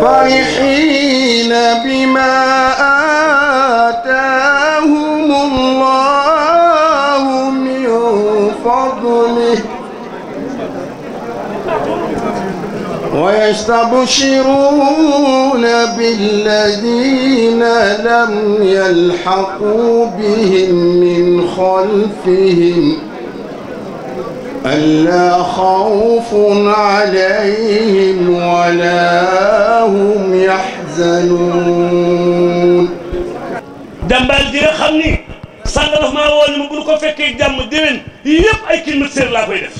فرحين بما آتاهم الله من فضله ويستبشرون بالذين لم يلحقوا بهم من خلفهم ألا خوف عليهم ولا هم يحزنون dambaal ji nga xam ni sànq daf maa woo ni ma bu ñu ko fekkee jàmm déwén yëpp ay kilomètres laa koy def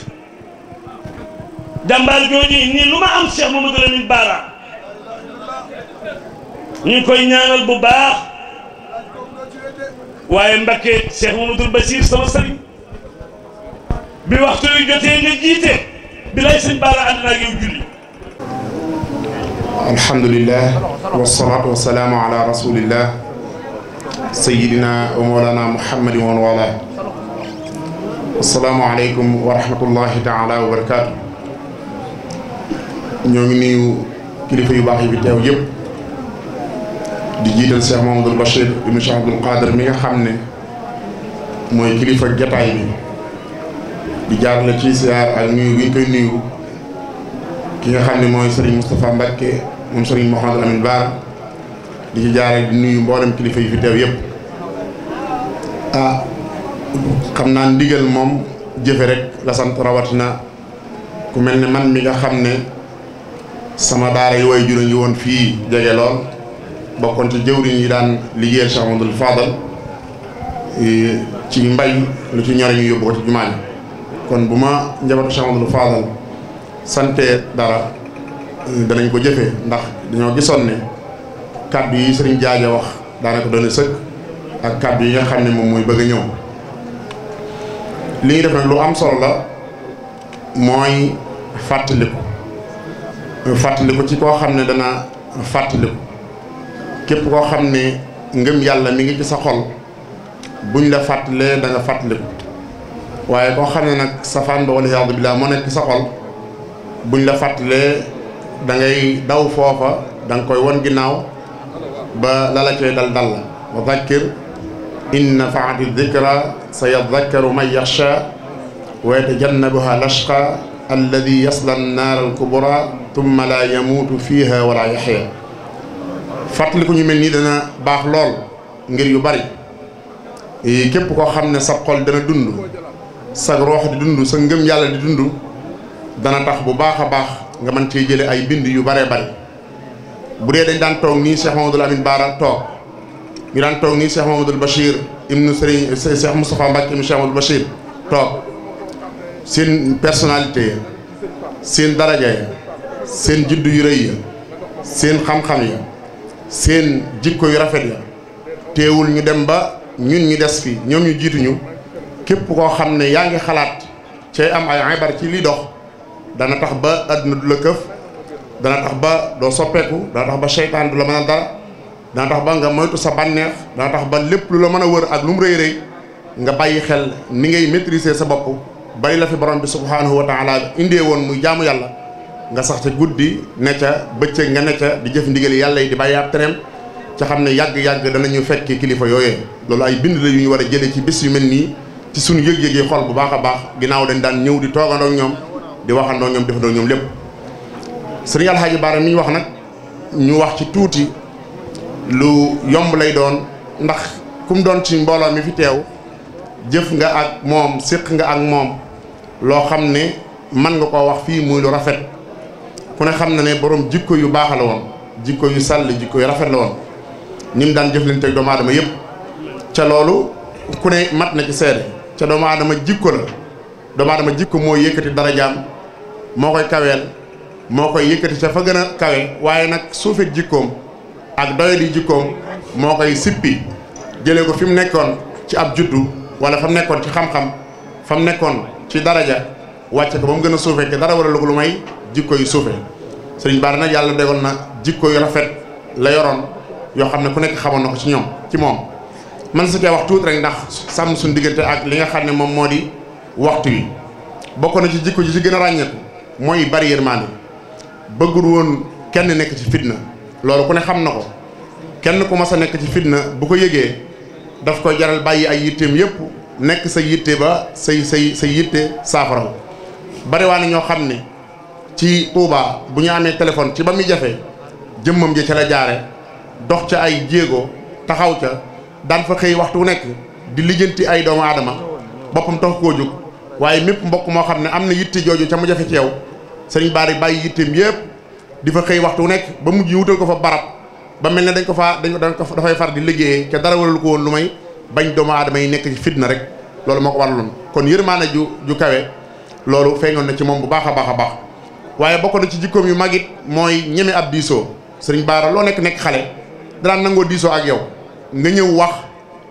dambaal jooju nii lu ma am Cheikh Mamadou Lamine Bara ñu ngi koy ñaanal bu baax waaye Mbakke Cheikh Mamadou Bachir sama sëriñ bi waxtu wi jotee nga jiite bi lay sëñ Bara ànd naa yow julli alhamdulilah wasalaatu wasalaamu ala rasulillah sayidina wa moolana muhammadin wa wala asalaamu aleykum wa rahmatullahi taala wa barakaatu ñoo ngi nuyu kilifa yu baax yi fi teew yëpp di jiital Cheikh Mamadou Bachir ibnu Cheikh Abdoul Qadir mi nga xam ne mooy kilifa jataay bi di jaar la ci siyaar ak nuyu bi ñu koy nuyu ki nga xam ne mooy Serigne Moustapha Mbacke moom Serigne Mouhamadou Amine Ba di ci jaaree di nuyu mboolem kilifa yi fi teew yëpp ah xam naa ndigal moom jëfe rek la sant rawatina ku mel ne man mi nga xam ne sama daara yi way jura ngi woon fii jege lool bokkoon ci jëwriñ yi daan liggéeyal Cheikh Amadou Fadal eh, ci mbay lu ci ñore yóbbu ko ci jumaa kon bu ma njabootu Cheikh Amadou Fadal sante dara euh, danañ ko jëfee ndax dañoo gisoon ne kàddu yi sëriñ jaaja wax daanaka doon sëkk ak kàddu yi nga xam ne moom mooy bëgg a ñëw li ñuy def nag lu am solo la mooy fàttaliku euh, fàttaliku ci koo xam ne dana fàttaliku képp koo xam ne ngëm yàlla mi ngi ci sa xol buñ la fàttalee da nga fàttaliku waaye koo xam ne nag safaan ba wala yaadu billah moo nekk sa xol buñ la fàttalee da daw foofa da koy won ginnaaw ba la la cay dal dal la wa dakkir in nafaati dikra sa yadakkaru man yaxsha wa yatajannabuha lashqa alladi yasla annaar alkubra tumma la yamuutu fiiha wala yaxya fàttali ku ñu mel nii dana baax lool ngir yu bari képp koo xam ne sa xol dana dund sa roox di dund sa ngëm yàlla di dund dana tax bu baax a baax nga mën cee jële ay bind yu baree bari bu dee dañ daan toog nii Cheikh Mamadou Amine Baara toog ñu daan toog nii Cheikh Mamadou Bachir ibnu Serigne Cheikh Moustapha Mbacke ibnu Cheikh Mamadou Bachir toog seen personnalité seen daraja ya seen juddu yu rëy ya seen xam-xam ya seen jikko yu rafet ya teewul ñu dem ba ñun ñu des fi ñoom ñu jiituñu képp koo xam ne yaa ngi xalaat cay am ay ibar ci lii dox dana tax ba àdduna du la këf dana tax ba doo soppeeku dana tax ba seytaan du la mën a dara dana tax ba nga moytu sa bànneex dana tax ba lépp lu la mën a wër ak lu mu rëy rëy nga bàyyi xel ni ngay maîtriser sa bopp bay la fi borom bi subhaanahu wa taala indee woon muy jaamu yàlla nga sax ca guddi ne ca bëccëg nga ne ca di jëf ndigal yàlla yi di bàyyi ab tereem ca xam ne yàgg-yàgg danañu fekk kilifa yooyee loolu yu mel nii ci suñu yëg-yëg yi bu baax a baax ginnaaw dañ daan ñëw di toogandoo ñoom di waxandoon ñoom defandoo ak ñoom lépp sëriñ Alxaaji Baara mi wax nag ñu wax ci tuuti lu yomb lay doon ndax kum doon ci mbooloo mi fi teew jëf nga ak moom séq nga ak moom loo xam ne mën nga koo wax fii muy lu rafet ku ne xam na ne borom jikko yu baax la woon jikko yu sàll jikko yu rafet la woon ni mu daan jëflante ak doomu aadama yëpp ca loolu ku ne mat na ci seede ca doomu aadama jikko la doomu aadama jikko moo yëkkati darajaam moo koy kaweel moo koy yëkkati ca fa gën a kawe waaye nag suufeeg jikkoom ak doyadi jikkoom moo koy sippi jëlee ko fi mu nekkoon ci ab juddu wala fa mu nekkoon ci xam-xam fa mu nekkoon ci daraja wàcce ko ba mu gën a suufee te dara war wala lu may jikko yu suufee sëriñ Bara na yàlla degoon na jikko yu rafet la yoroon yoo xam ne ku nekk xamoon na ko ci ñoom ci moom. man su cee wax tuuti rek ndax sàmm suñ diggante ak li nga xam ne moom moo di waxtu yi bokk na ci jikko ji ci gën a ràññeeku mooy bari yërmande bëggul woon kenn nekk ci fitna loolu ku ne xam na ko kenn ku mas a nekk ci fitna bu ko yégee daf koy jaral bàyyi ay yitteem yëpp nekk sa yitte ba say say say yitte saafara bariwaane ñoo xam ne ci Touba bu ñu amee téléphone ci ba muy jafe jëmmam ja ca la jaare dox ca ay jéego taxaw ca daan fa xëy waxtu wu nekk di lijjanti ay doomu aadama boppam tax koo jóg waaye mépp mbokk moo xam ne am na yitte jooju ca mu jafe ci yow sëriñ Bara bàyyi yitteem yëpp di fa xëy waxtu wu nekk ba mujj wutal ko fa barab ba mel ne dañ ko faa dañ ko dafay far di liggéeyee ca dara waralu ko woon lu may bañ doomu aadama yi nekk ci fitna rek loolu moo ko waraloon kon yërmaane ju ju kawe loolu feeñoon na ci moom bu baax a baax a baax waaye bokkoon na ci jikkoom yu mag mooy ñeme ab diisoo sëriñ Bara loo nekk nekk xale danaan nangoo diisoo ak yow nga ñëw wax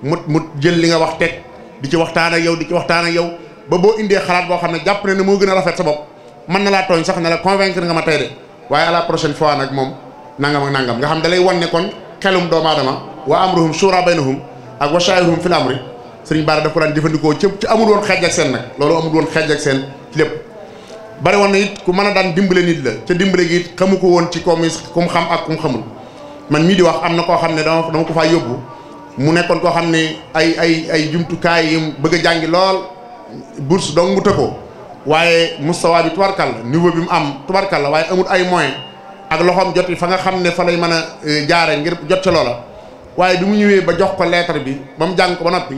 mu mu jël li nga wax teg di ci waxtaan ak yow di ci waxtaan ak yow ba boo indee xalaat boo xam ne jàpp ne ne moo gën a rafet sa bopp mën na laa tooñ sax ne la convaincre nga ma tey de waaye à la prochaine fois nag moom nangam ak nangam nga xam da wan ne kon xelum doomu aadama wa amruhum na baynahum ak wa shawirhum fil amri sëriñ Bara daf ko daan jëfandikoo ci ci amul woon xeej ak seen nag loolu amul woon xeej ak seen lépp bari woon ku mën a daan dimbale nit la ca dimbale gi ko woon ci comme comme xam ak kum xamul man mii di wax am na koo xam ne dama dama ko faa yóbbu mu nekkoon koo xam ne ay ay ay jumtukaay yi bëgg a jàngi lool bourse dong mu tëkko waaye mustawa bi tubarkal la niveau bi mu am tubarkal la waaye ay moyen ak loxoom jot fa nga xam ne fa lay mën a e, jaare ngir jot ca loola waaye bi mu ñëwee ba jox ko lettre bi ba mu jàng ko ba noppi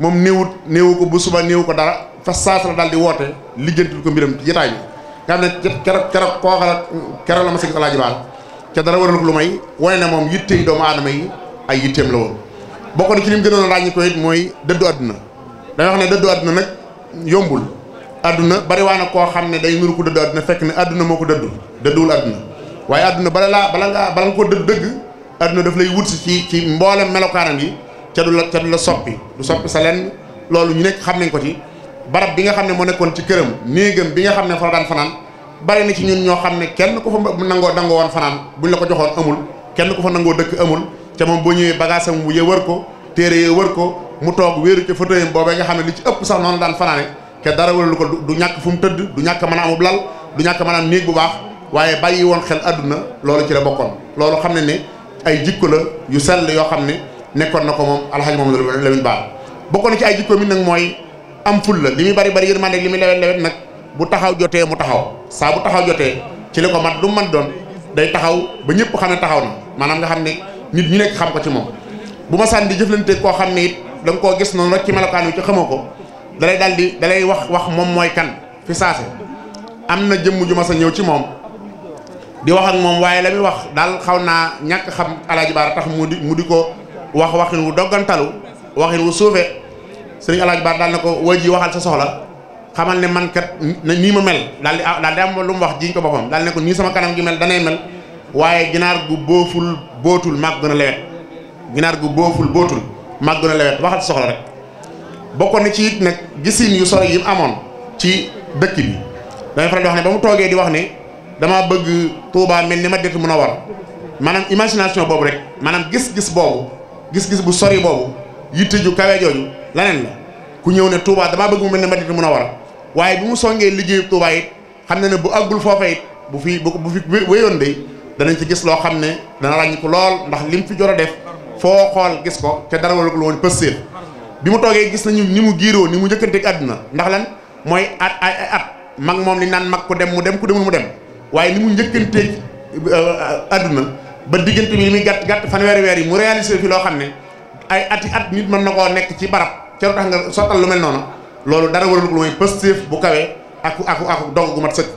moom néewut néewu ko bu ba néewu ko dara fa saas la di woote lijjantil ko mbiram jataay bi nga xam ne keroog keroog koo la ma sëgg Alaaji Baal te dara waral ko lu may wane ne moom yittey doomu aadama yi ay yitteem la woon bokk na ci lim gënoon ràññi ko mooy dëddu àdduna dañuy wax ne dëddu àdduna nag yombul àdduna bari waa na koo xam ne day nuru ko dëddu àdduna fekk ne àdduna moo ko dëddu dëdduwul àdduna waaye àdduna bala laa bala ngaa bala nga ko dëdd dëgg àdduna daf lay wut si ci ci mboolem melokaanam yi ca du la ca du la soppi du soppi sa lenn loolu ñu nekk xam nañ ko ci barab bi nga xam ne nekkoon ci këram bi nga xam bari na ci ñun ñoo xam ne kenn ku fa nangoo nangoo woon fanaan buñ la ko joxoon amul kenn ku fa nangoo dëkk amul ca moom boo ñëwee bagage am mu wër ko téere yee wër ko mu toog wéeru ca fauteuil boobee nga xam ne li ci ëpp sax daan fanaane ke dara lu ko du ñàkk fu mu tëdd du ñàkk mën a amub lal du ñàkk mën a am néeg bu baax waaye bàyyi woon xel àdduna loolu ci la bokkoon loolu xam ne ne ay jikko la yu sell yoo xam ne nekkoon na ko moom alxaji moom la muy baax bokkoon ci ay jikko mi nag mooy am ful la li muy bari bari yërmande li muy lewet lewet nag bu taxaw jotee mu taxaw saa taxaw jotee ci li ko mat du man doon day taxaw ba ñëpp xam ne taxaw na maanaam nga xam ne nit ñu nekk xam ko ci moom bu ma sànni di jëflante koo xam ne it da nga koo gis noonu rek ci melokaan wi ci xamoo ko dalay daal di dalay wax wax moom mooy kan fi saase am na jëmm ju ma sa ñëw ci moom di wax moom waaye la muy wax daal xaw naa ñàkk xam alaaji baara tax mu di mu di ko wax waxin wu doggantalu waxin wu suufe sëriñ alaaji baara daal na ko waj ji waxal sa soxla xamal ne man kat nii ma mel daal di ah, daal di am lu mu wax jiñ ko boppam daal ne ko nii sama kanam gi mel danay mel waaye ginaar gu booful bootul màgg na lewet ginaar gu booful bootul màgg na lewet waxal soxla rek bokkoon na ci it nag gisin yu sore yi mu amoon ci dëkk bi damay faral di wax ne ba mu toogee di wax ne dama bëgg Touba mel ni ma det mun a war maanaam imagination boobu rek maanaam gis-gis boobu gis-gis bu sori boobu yitte ju kawe jooju laneen la ku ñëw ne Touba damaa bëgg mu mel ni ma det mun a war waaye bi mu songee liggéeyu Tuubaa it xam ne ne bu àggul foofa it bu fi bu fi wéyoon de danañ ci gis loo xam ne dana lañ ko lool ndax lim fi jot a def foo xool gis ko te dara wala ko woon pëstéef bi mu toogee gis nañu ni mu giiroo ni mu njëkkanteeg àdduna ndax lan mooy at ay at mag moom li naan mag ku dem mu dem ku demul mu dem waaye ni mu njëkkanteeg euh, àdduna ba diggante bi li muy gàtt gàtt fanweeri weer yi mu réalisé fi loo xam ne a ati at nit mën na koo nekk ci barab ca lu tax nga sottal lu mel noonu loolu dara warul ko mooy pëstéef bu kawee ak aku gu mat sëkk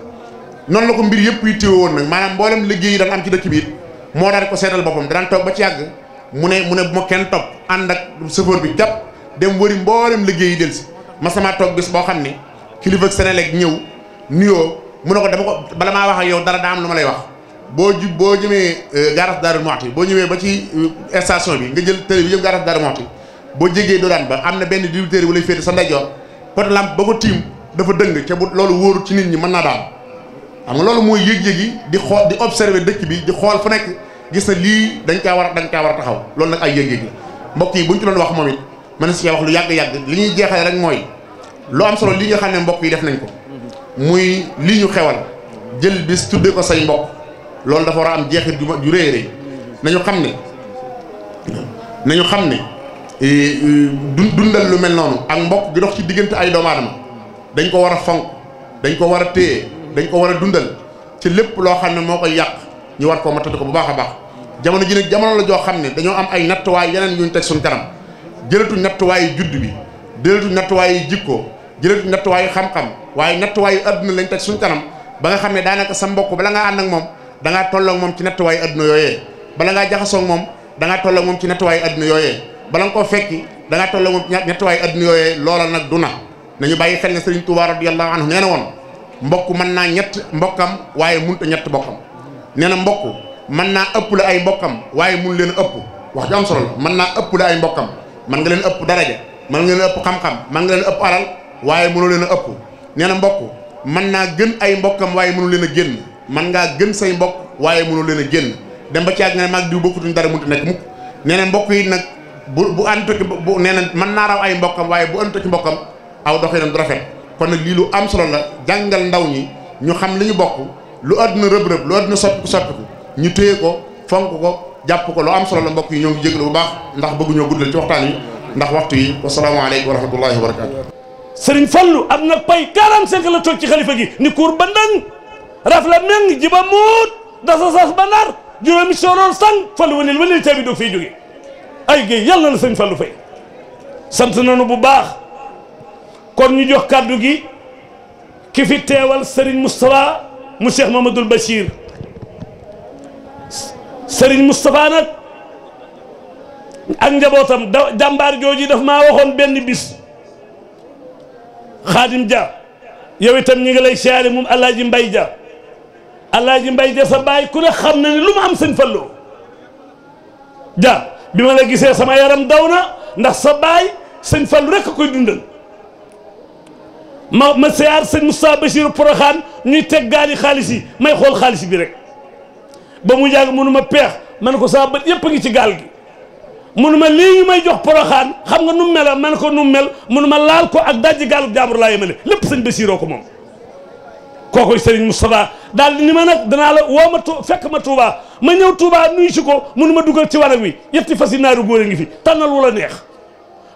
noonu la ko mbir yëpp yi téew woon nag maanaam mboolem liggéey yi daan am ci dëkk bi it moo daan ko seetal boppam daan toog ba ci yàgg mu ne mu ne bu ma kenn topp ànd ak chauffeur bi jàpp dem wëri mboolem liggéey yi del si ma sama toog bis boo xam ne kilifa Senelec ñëw nuyoo mu ne ko dama ko bala maa wax ak yow dara daa am lu ma lay wax boo ju boo jëmee euh, garas Darou Mouhty boo ñëwee ba ci euh, station bi nga jël télé bi jëm garas Darou Mouhty boo jégee doodaan ba am na benn diwteer wala féete sa ndeyjoor pot lampe ba ko tiim dafa dëng ca bu loolu wóorut ci nit ñi mën naa daal xam nga loolu mooy yëg-yëg yi di xool di observer dëkk bi di xool fu nekk gis na lii dañ caa war dañ caa war taxaw loolu nag ay yëg-yëg la mbokk yi buñ ci doon wax moom it mën na si wax lu yàgg-yàgg li ñuy jeexale rek mooy lu am solo li nga xam ne mbokk yi def nañ ko muy lii ñu xewal jël bis tuddee ko say mbokk loolu dafa war a am jeexit ju rëy rëy nañu xam ne ñu xam ne Euh, dundal lu mel noonu ak mbokk gi dox ci diggante ay doomu aadama dañ ko war a fonk dañ ko war a téye dañ ko war a dundal ci lépp loo xam ne moo koy yàq ñu war koo matatu ko bu baax a baax jamono ji nag jamono la joo xam ne dañoo am ay nattuwaay yeneen yuñ teg suñ kanam jëlatu nattuwaayu judd bi jëlatu nattuwaayu jikko jëlatu nattuwaayu xam-xam waaye nattuwaayu adduna lañ teg suñ kanam ba nga xam ne daanaka sa mbokk bala ngaa ànd moom da ngaa tolloog moom ci nattuwaayu adduna yooyee bala ngaa jaxasoog moom danga ngaa tolloog moom ci nattuwaayu adduna yooye bala nga koo fekki da nga tolloo moom ñetti waay adduna yooyee loola nag du na nañu bàyyi xel ne Serigne Touba radiyallahu anhu nee na woon mbokk mën naa ñett mbokkam waaye mënut a ñett mbokkam nee na mbokk mën naa ëpp la ay mbokkam waaye mun leen ëpp wax ju am solo mën naa ëpp la ay mbokkam man nga leen ëpp daraja man nga leen ëpp xam-xam man nga leen ëpp alal waaye mënoo leen a ëpp nee na mbokk mën naa gën ay mbokkam waaye mënu leen a génn man ngaa gën say mbokk waaye mënoo leen a génn dem ba ci àgg nga ne maag diw bokkutuñ dara mënut a na bu bu àndutoo ci bu nee na mën naa raw ay mbokkam waaye bu àndutoo ci mbokkam aw doxinam du rafet kon nag lii lu am solo la jàngal ndaw ñi ñu xam li ñu bokk lu àdduna rëb-rëb lu àdduna soppiku soppiku ñu téye ko fonk ko jàpp ko lu am solo la mbokk yi ñëw ngi jégalu bu baax ndax bëgguñoo guddal ci waxtaan yi ndax waxtu yi wasalaamaaleykum wa rahmatullahi wa barakaatu. Serigne Fallou am na pay 45 la toog ci xalifa gi ni kuur ba ndang raf la meng ji ba muut dasa sas ba nar juróomi sooroor sang Fallou walil walil caabi doog fii jóge ay géey yàlla la sëñ Fallou Faye sant nañu bu baax kon ñu jox kàddu gi ki fi teewal Serigne Moustapha mu Cheikh Mamadou Bachir Serigne Moustapha nag ak njabootam da jàmbaar jooju daf ma waxoon benn bis Khadim Dia yow itam ñi ngi lay siyaare moom Alaaji Mbay Dia Alaaji Mbay sa baay ku ne xam na ne lu mu am sëñ Fallou Dia bi ma la gisee sama yaram daw na ndax sa baay sëñ fan rek a koy dundal ma ma seyaar sëñ Moustapha Bachir Poroxaan ñuy teg yi xaalis yi may xool xaalis bi rek ba mu yàgg mënuma ma peex ma ne ko saa bët yëpp ngi ci gaal gi mënu ma lii ñu may jox Poroxaan xam nga nu mel la ma ne ko nu mel mënu ma laal ko ak dajji gaalu jaambur laa yemale lépp sëñ Bachiroo ko moom kookoy Serigne Moustapha daal di ni ma nag danaa la woo ma tu fekk ma Touba ma ñëw Touba nuyu si ko mënu ma dugal ci warag wi yetti fas yi naaru góor a ngi fi tànnal lu la neex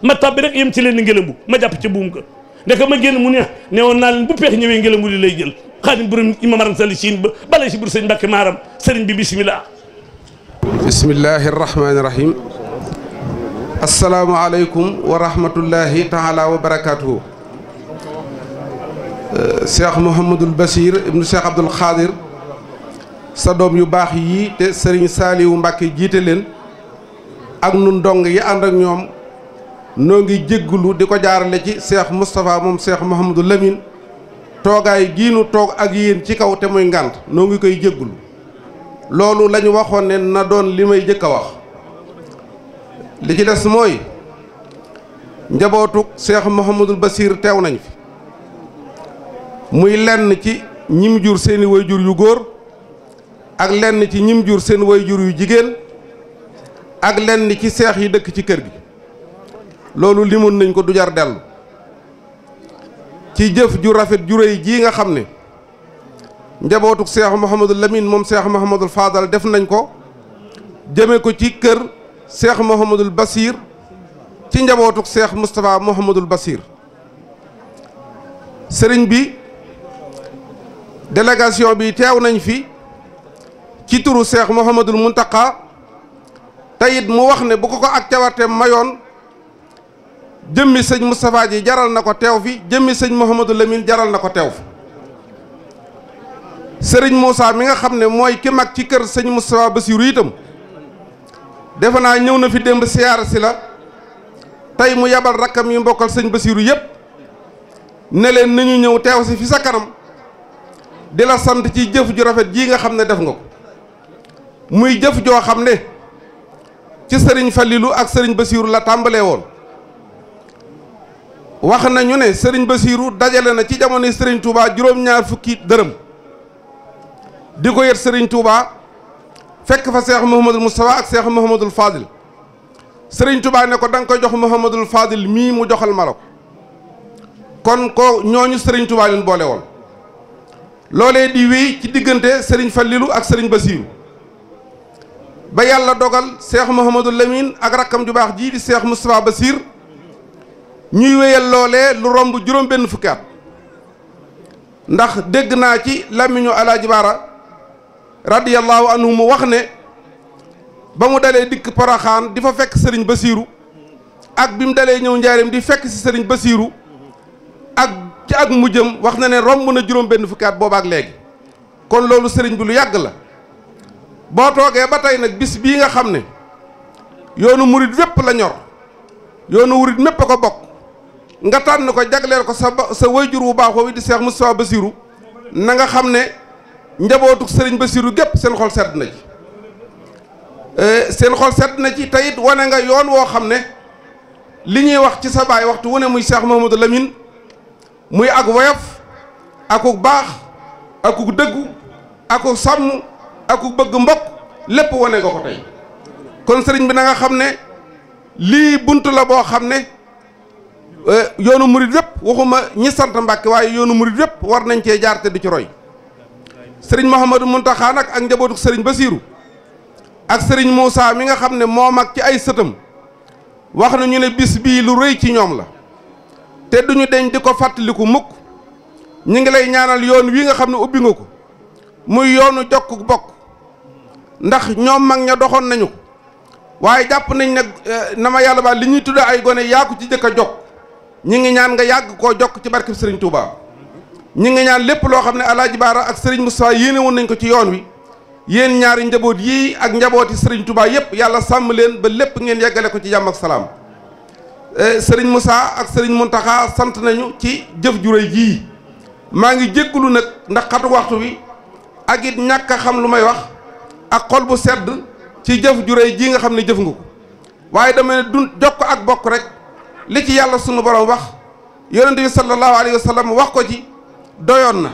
ma tabbi rek yem ci leen ni ngelambu ma jàpp ci buum ka ndeke ma génn mu ne ne woon naa leen bu peex ñëwee ngelambu lay jël xaadim borom imam aram sali siin ba bala si bur sëñ Mbàkke maaram sëriñ bi bisimilah bismillahi rahmaani rahim asalaamaaleykum wa rahmatullahi taala wa barakatuhu cheikh Mouhamadul Bachir ibnu cheikh Abdoul Khadir sa doom yu baax yii te Serigne Saliou Mbacke jiite leen ak nun dong yi ànd ak ñoom noo ngi jéggulu di ko jaarale ci cheikh Moustapha moom cheikh Mouhamadou Lamine toogaay gii toog ak yéen ci kaw te muy ngànt noo ngi koy jéggulu loolu lañu ñu waxoon ne na doon li may jëkk a wax li ci des mooy njabootuk cheikh Mouhamadul Bachir teew nañ fi. muy lenn ci ñim jur seeni jur yu góor ak lenn ci ñim jur seen jur yu jigéen ak lenn ci seex yi dëkk ci kër gi loolu limoon nañ ko du jar dellu ci jëf ju rafet ju réy jii nga xam ne njabootuk seex Mouhamadul Lamine moom seex Mouhamadul Fadal def nañ ko jëme ko ci kër seex Mouhamadul basiir ci njabootuk seex Moustapha Mouhamadul Basir sëriñ bi délégation bii teew nañ fi ci turu seex Mouhamadul Muntaqa teyit mu wax ne bu ko ko ak cawarte mayoon jëmmi sëñ Moustapha ji jaral na ko teew fi jëmmi sëñ Mouhamadou Lamine jaral na ko teew fi sëriñ Moussa mi nga xam ne mooy ki mag ci kër sëñ Moustapha Bassirou itam defe naa ñëw na fi démb siyaar si la tey mu yabal rakkam yu mbokkal sëñ Bassirou yëpp ne leen nañu ñëw teew si fi sa kanam di la sant ci jëf ju rafet jii nga xam ne def nga ko muy jëf joo xam ne ci sëriñ Falilou ak sëriñ Basiiru la tàmbalee woon wax nañu ne sëriñ Basiiru dajale na ci jamonoy sëriñ Touba juróom-ñaar fukki dërëm di ko yët sëriñ Touba fekk fa seex Muhammadul Moustapha ak seex Muhammadul Fadil sëriñ Touba ne ko da nga koy jox Muhammadul Fadil mii mu joxal malo la ko kon ko ñooñu sëriñ Touba leen boole woon. loolee di wéy ci diggante sëriñ Fallilu ak sëriñ Basiiru ba yàlla dogal seex Mouhamadou Lamine ak rakkam ju baax jii di seex Moustapha basiir ñuy wéyal loole lu romb juróom benn fukki at ndax dégg naa ci làmmiñu Alaaji Baara radiyallahu anhu mu wax ne ba mu dalee dikk Poroxaan di fa fekk sëriñ Basiiru ak bi mu dalee ñëw njaareem di fekk si sëriñ Basiiru ak mu jëm wax na ne romb na juróom benn fukki at boobaak léegi kon loolu sëriñ bi lu yàgg la boo toogee ba tey nag bis bii nga xam ne yoonu murit wépp la ñor yoonu murit mépp a ko bokk nga tànn ko jagleel ko sa sa wayjur wu baax woowu di Seex Mustafaa Basiru na nga xam ne njabootug sëriñ Basiru gépp seen xool sedd na ci e, seen xool sedd na ci teyit wane nga yoon woo xam ne li ñuy wax ci sa baay waxtu wu ne muy Seex Mahamadou Lamine muy ak woyof akuk baax akuk dëggu akuk sàmm akuk bëgg mbokk lépp wane nga ko tey kon sëriñ bi na nga xam ne lii bunt la boo xam ne euh, yoonu murit yëpp waxuma ñi sant Mbàkke waaye yoonu murit yëpp war nañ cee jaar di ci roy sëriñ Mouhamadou Mountakha nag ak njabootu sëriñ ba Basiiru ak sëriñ Moussa mi nga xam ne moo mag ci ay sëtam wax nañu ne bis bii lu rëy ci ñoom la te duñu deñ di ko fàttaliku mukk ñu ngi lay ñaanal yoon wii nga xam ne ubbi nga ko muy yoonu jokk bokk ndax ñoom mag ña doxoon nañu waaye jàpp nañ ne eh, na ma yàlla baal li ñuy tudd ay gone yaa ci jëkk a jokk ñi ngi ñaan nga yàgg koo jokk ci barkeb sëriñ Touba. ñi ngi ñaan lépp loo xam ne Alaaji Baara ak sëriñ Moustapha yéene woon nañ ko ci yoon wi yéen ñaari njaboot yii ak njabooti sëriñ Touba yépp yàlla sàmm leen ba lépp ngeen yeggale ko ci jàmm salaam Eh, sëriñ Moussa ak sëriñ Mountakha sant nañu ci jëf ju jii maa ngi jéggulu nag ndax xatu waxtu wi ak it ñàkk a xam lu may wax ak xol bu sedd ci jëf ju jii nga xam ne jëf nga ko waaye dama ne du ko ak bokk rek li ci yàlla sunu borom wax yonente bi sallallahu alayhi wa sallam wax ko ci doyoon na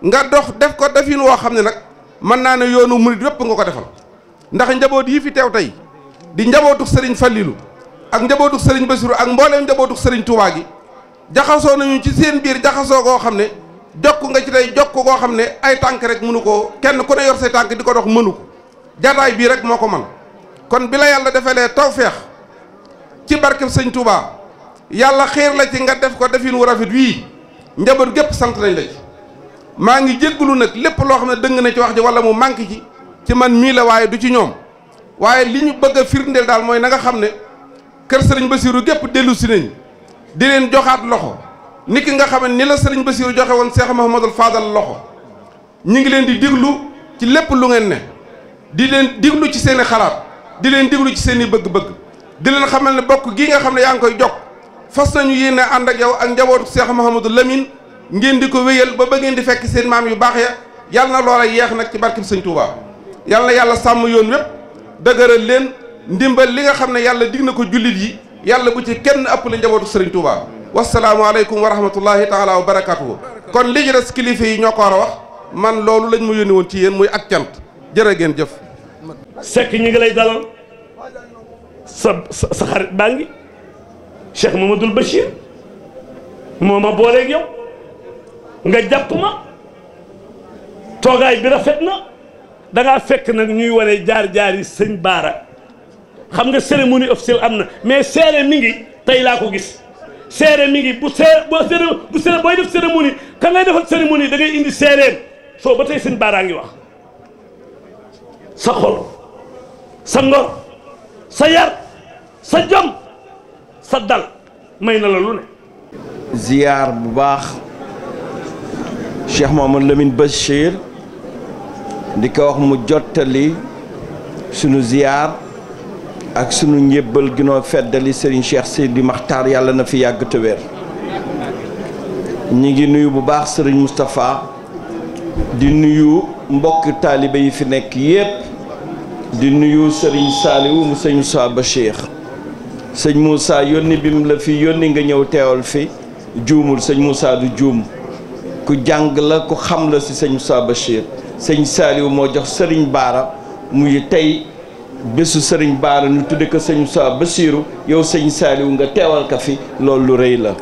nga dox def ko def defin woo xam ne nag mën naa ne yoonu murit yépp nga ko defal ndax njaboot yi fi teew tey di njabootu sëriñ Fallilou ak njabootu sëriñ Bassirou ak mbooleem njabootu sëriñ Touba gi jaxasoo nañu ci seen biir jaxasoo koo xam ne jokk nga ci tey jokk koo xam ne ay tànk rek mënu ko kenn ku ne yor tànk di ko dox mënu ko jataay bii rek moo ko man kon bi la yàlla defalee feex ci barkeb sëñ Touba yàlla xiir la ci nga def ko defin wu rafet wii njaboot gépp sant nañ la ci maa ngi jéggulu nag lépp loo xam ne dëng na ci wax ji wala mu manqué ci ci man mii la waaye du ci ñoom waaye li ñu bëgg a firndeel daal mooy na nga xam ne kër sëriñ Basiiru gépp dellu si nañ di leen joxaat loxo ni ki nga xam ni la sëriñ Basiiru joxe woon Cheikh Mahamadul Fadal loxo ñu ngi leen di diglu ci lépp lu ngeen ne di leen diglu ci seen i xalaat di leen diglu ci seen i bëgg-bëgg di leen xamal ne bokk gii nga xam ne yaa ngi koy jokk fas nañu yéene ànd ak yow ak njabootu Cheikh Mahamadul Lamine ngeen di ko wéyal ba ba ngeen di fekk seen maam yu baax ya yàlla na loola yeex nag ci barkib sëñ Touba yàlla sàmm yoon wépp ndimbal li nga xam ne yàlla dig na ko jullit yi yàlla bu ci kenn ëppale njabootu sëriñ Touba. wasalaamualeykum wa rahmatullahi taala wa barakatuhu kon li ci des kilifa yi ñoo ko war a wax man loolu lañ ma yónni woon ci yéen muy ak cant jërë ngeen jëf. sekk ñu ngi lay dalal sa sa xarit baa ngi Cheikh Mamadou Bachir moo ma booleeg yow nga jàpp ma toogaay bi rafet na da ngaa fekk nag ñuy wane jaar-jaar yi sëñ Baara. xam nga cérémonie officielle am na mais seere mi ngi tey laa ko gis seere mi ngi bu see bu seere bu seere booy def cérémonie ka ngay defal cérémonie da ngay indi seereem soo ba tey seen baaraa wax sa xol sa ngor sa yar sa jom sa dal may na la lu ne ziyaar bu baax Cheikh Mamadou Lamine Bachir di ko wax mu jottali sunu ziyaar ak sunu njébbal ginoo noo feddali Serigne Cheikh Seydi maxtar yàlla na fi yàgg te ñu ngi nuyu bu baax sëriñ Moustapha di nuyu mbokk taalibe yi fi nekk yépp di nuyu Serigne Saliou mu saaba Moussa Bachir sëñ Moussa yónni bi mu la fi yónni nga ñëw teewal fi juumul sëñ Moussa du juum ku jàng la ku xam la ci sëñ Moussa Bachir sëñ Saliou moo jox Serigne Baara muy tey bésu sëriñ Baara ñu tudde ko sëñ ba Bassirou yow sëñ Saliou nga teewal ka fi loolu lu rëy la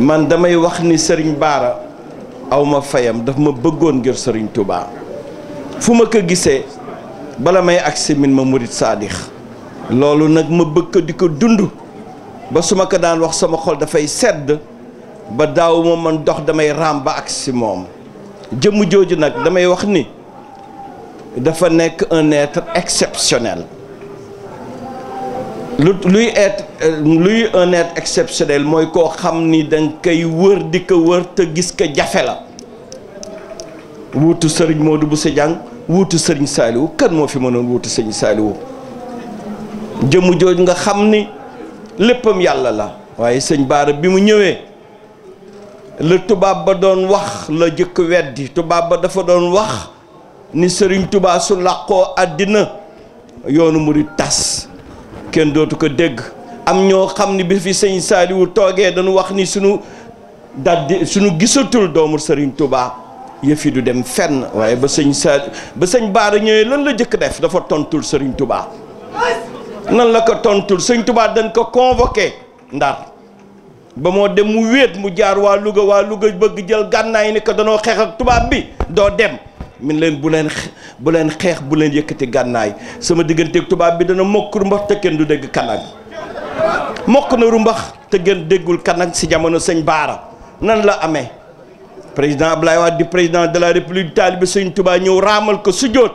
man damay wax ni sëriñ Baara awma ma fayam daf ma bëggoon ngir sëriñ Touba fu ma ko gisee bala may agsi min ma murit saadix loolu nag ma bëgg ko di ko dund ba su ma ko daan wax sama xol dafay sedd ba daaw ma man dox damay raam ba agsi moom jëmm jooju nag damay wax ni dafa nekk un être exceptionnel lu luy être euh, luy un être exceptionnel mooy koo xam ni danga koy wër di ko wër te gis ko jafe la wuutu sëriñ Modou Bousso Dieng wuutu sëriñ Saliou kan moo fi mënoon wuutu sëriñ Saliou jëmm jooj nga xam ni léppam yàlla la waaye sëñ Baara bi mu ñëwee la tubaab ba doon wax la jëkk weddi tubaab ba dafa doon wax ni sëriñ tubaa su làqoo àddina yoonu murit tas kenn dootu ko dégg am ñoo xam ni bi fi sëñ saaliwu toogee dañu wax ni suñu daldi sunu gisatul doomu sëriñ tubaa yëf yi du dem fenn waaye ba sëñ saali ba sëñ baara ñëwee lan la jëkk def dafa tontul sëriñ tubaa nan la ko tontul sëñ tubaa dañ ko convoke ndar ba moo dem mu wéet mu jaar waa Louga waa Louga bëgg jël gànnaay ni ko danoo xeex ak tubaab bi doo dem min leen bu leen bu leen xeex bu leen yëkkati gànnaay sama digganteek tubaab bi dana mokk rumbax te kenn du dégg kanang mokk na rumbax te gën déggul kanang si jamono sëñ Baara nan la amee président Ablaye Wade di président de la république taalibe sëñ Touba ñëw raamal ko sujjóot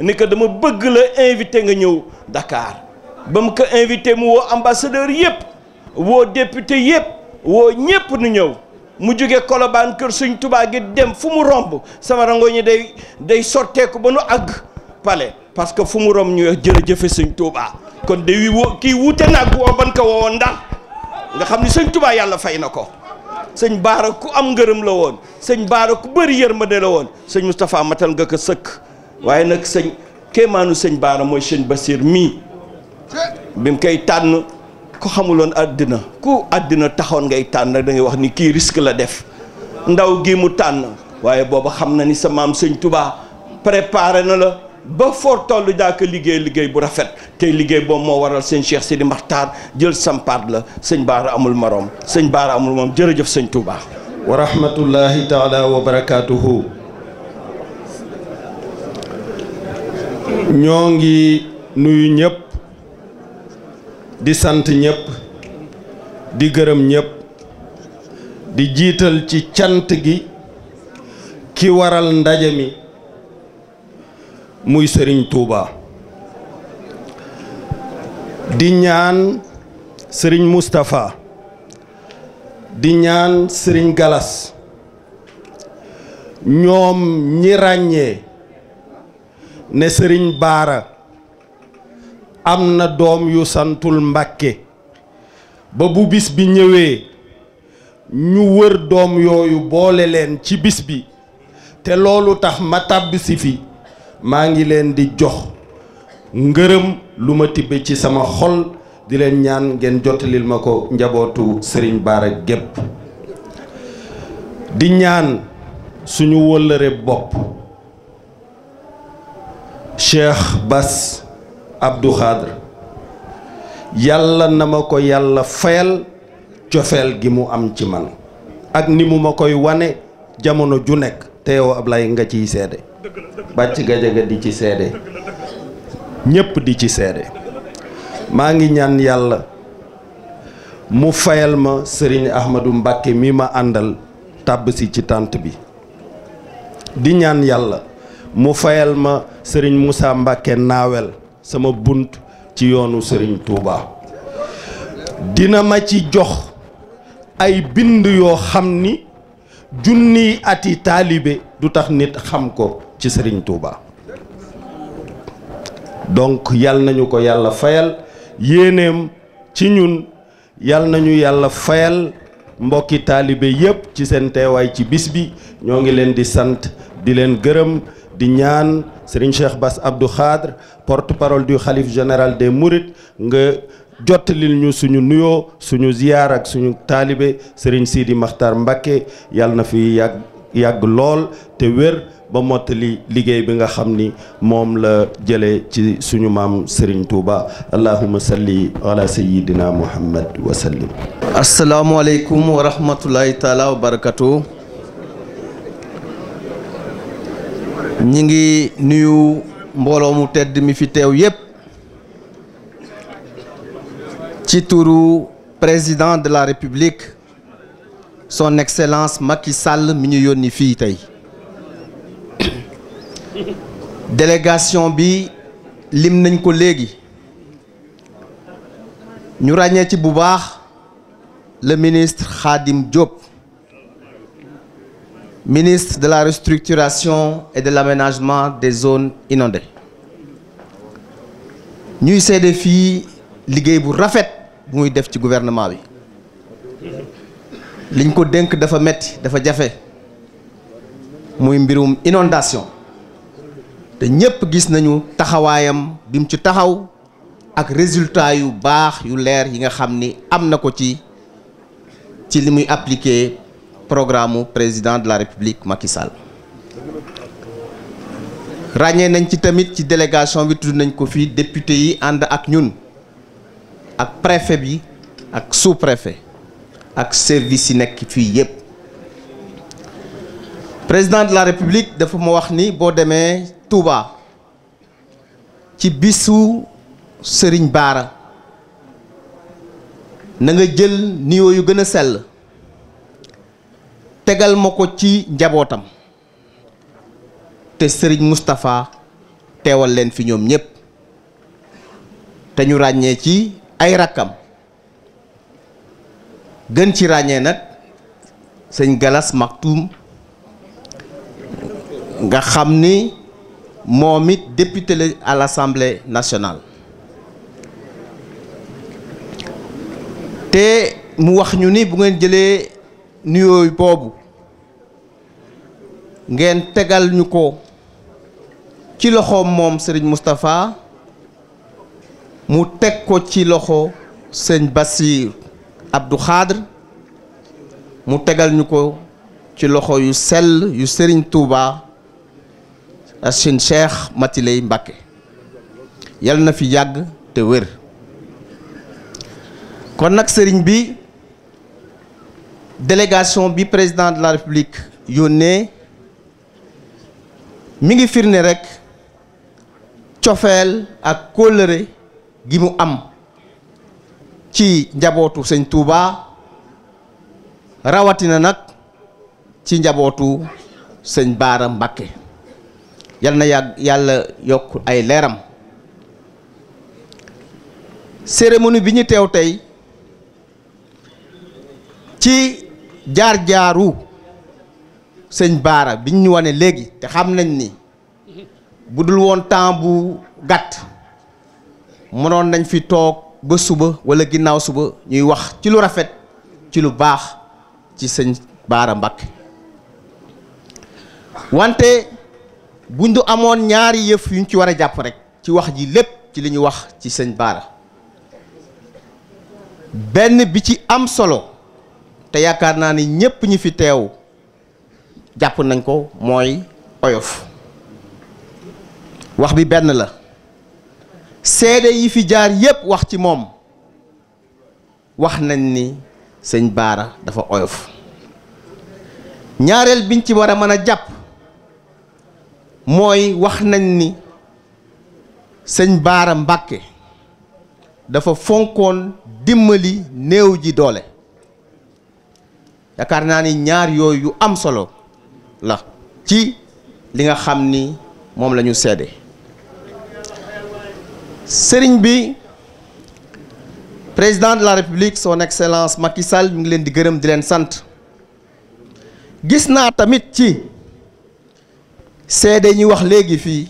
ni ko dama bëgg la invité nga ñëw Dakar ba mu ko invité mu woo ambassadeur yëpp woo député yëpp woo ñëpp nu ñëw. mu jóge kolobaan kër suñ tubaa gi dem fu mu romb sama rango ñi day day sotteeku ba nu àgg pale parce que fu mu romb ñu jërëjëfe suñ tubaa kon day woo kii wuute nag woo ban ko woowoon nga xam ni suñ tubaa yàlla fay na ko sëñ baara ku am ngërëm la woon sëñ baara ku bëri yërmande la woon sëñ Moustapha matal nga ko sëkk waaye nag sëñ kéemaanu sëñ baara mooy sëñ Basir mii bi mu koy tànn ku xamuloon àddina ku àddina taxoon ngay tànn da wax ni kii risque la def ndaw gi mu tànn waaye booba xam na ni sa maam sëñ tubaa préparé na la ba foo fort toll daaka liggéey liggéey bu rafet te liggéey boobu moo waral sëñ Cheikh Sidi Maxtaar jël sampaat la sëñ Baara amul moroom sëñ Baara amul moom jërëjëf sëñ Touba. wa rahmatullahi taala wa barakaatuhu. ñoo ngi nuyu ñëpp. di sant ñëpp di gërëm ñépp di jiital ci cant gi ki waral ndaje mi muy sëriñ Touba di ñaan sëriñ Moustapha di ñaan sëriñ Galas ñoom ñi ràññee ne sëriñ Baara am na doom yu santul mbàkke ba bu bis bi ñëwee ñu wër doom yooyu boole leen ci bis bi te loolu tax ma tàbb fi maa ngi leen di jox ngërëm lu ma tibbe ci sama xol di leen ñaan ngeen jottalil ma ko njabootu Serigne Bara gépp di ñaan suñu wëllëre bopp Cheikh Abdou Khadre yàlla na ma ko yàlla fayal cofeel gi mu am ci man ak ni mu ma koy wane jamono ju nekk te yow Ablaye nga ciy seede bàcc gajaga di ci seede ñépp di ci seede maa ngi ñaan yàlla mu fayal ma sëriñ Ahmadou Mbàkke mi ma àndal tàbb ci tànt bi di ñaan yàlla mu fayal ma sëriñ Moussa Mbàkke naawel sama bunt ci yoonu Serigne Touba dina ma ci jox ay bind yoo xam ni junniy ati taalibe du tax nit xam ko ci sëriñ Touba donc yal nañu ko yàlla fayal yéeneem ci ñun yal nañu yàlla fayal mbokki taalibe yépp ci seen teewaay ci bis bi ñoo ngi leen di sant di leen gërëm di ñaan Serigne Cheikh Bass Abdou Khadre porte-parole du khalife général des Mourides nga jottalil ñu suñu nuyoo suñu ziyaar ak suñu taalibe Serigne Sidi maxtar Mbacké yàlla na fi yàgg yàgg lool te wér ba mottali liggéey bi nga xam ni moom la jëlee ci suñu maam sëriñ Touba allahumma salli wala sayyidina muhammad wa sallim. ñi ngi nuyu mbooloo mu tedd mi fi teew yépp ci turu président de la république son excellence Macky sàll mi ñu yónni fii tey délégation bi lim nañ ko léegi ñu ràññee ci bu baax le ministre Khadim Diop ministre de la restructuration et de l'aménagement des zones inondées ñuy seede fii liggéey bu rafet bu muy def ci gouvernement bi liñ ko dénk dafa metti dafa jafe muy mbirum inondation te ñépp gis nañu taxawaayam bi mu ci taxaw ak résultat yu baax yu leer yi nga xam ni am na ko ci ci li muy appliquer programme président de la république Macky Sall ràññee nañ ci tamit ci délégation bi tudd nañ ko fii député yi ànd ak ñun ak préfet bi ak sous-préfet ak service yi nekk fii yépp président de la république dafa ma wax ni boo demee Touba ci bisu sëriñ Baara na nga jël nuyoo yu gën a sell tegal ma ko ci njabootam te sëriñ Moustapha teewal leen fi ñoom ñépp te ñu ràññee ci ay rakkam gën ci ràññee nag sëñ Galas Maktoum nga xam ni moom it député la à l'Assemblée nationale te mu wax ñu ni bu ngeen jëlee nuyooyu boobu ngeen tegal ñu ko ci loxoom moom sëriñ Moustapha mu teg ko ci loxo sëñ Bassir Abdou mu tegal ñu ko ci loxo yu sell yu sëriñ tuuba ak sëñ Cheikh Matiley Mbacké yal na fi yàgg te wér kon nag sëriñ bi délégation bi président de la république yónnee mi ngi firnde rek cofeel ak kóllëre gi mu am ci njabootu sëñ Touba rawatina nag ci njabootu sëñ Baara Mbakke yal na yàlla yokk ay leeram cérémonie bi ñu teew tey ci jaar-jaaru sëñ Baara biñ ñu wane léegi te xam nañ ni bu dul woon temps bu gàtt mënoon nañ fi toog ba suba wala ginnaaw suba ñuy wax ci lu rafet ci lu baax ci sëñ Baara Mbàkke wante buñ du amoon ñaari yëf yuñ ci war a jàpp rekk ci wax ji lépp ci li ñu wax ci sëñ Baara benn bi ci am solo te yaakaar naa ni ñépp ñi fi teew jàpp nañ ko mooy oyof wax bi benn la seede yi fi jaar yépp wax ci moom wax nañ ni sëñ Baara dafa oyof ñaareel biñ ci war a mën a jàpp mooy wax nañ ni sëñ Baara Mbàkke dafa fonkoon dimmali néew ji doole yaakaar naa ni ñaar yooyu yu am solo la ci li nga xam ni moom lañu ñu seede sëriñ bi président de la république son excellence Macky Sall ngi leen di gërëm di leen sant gis naa tamit ci seede ñi wax léegi fii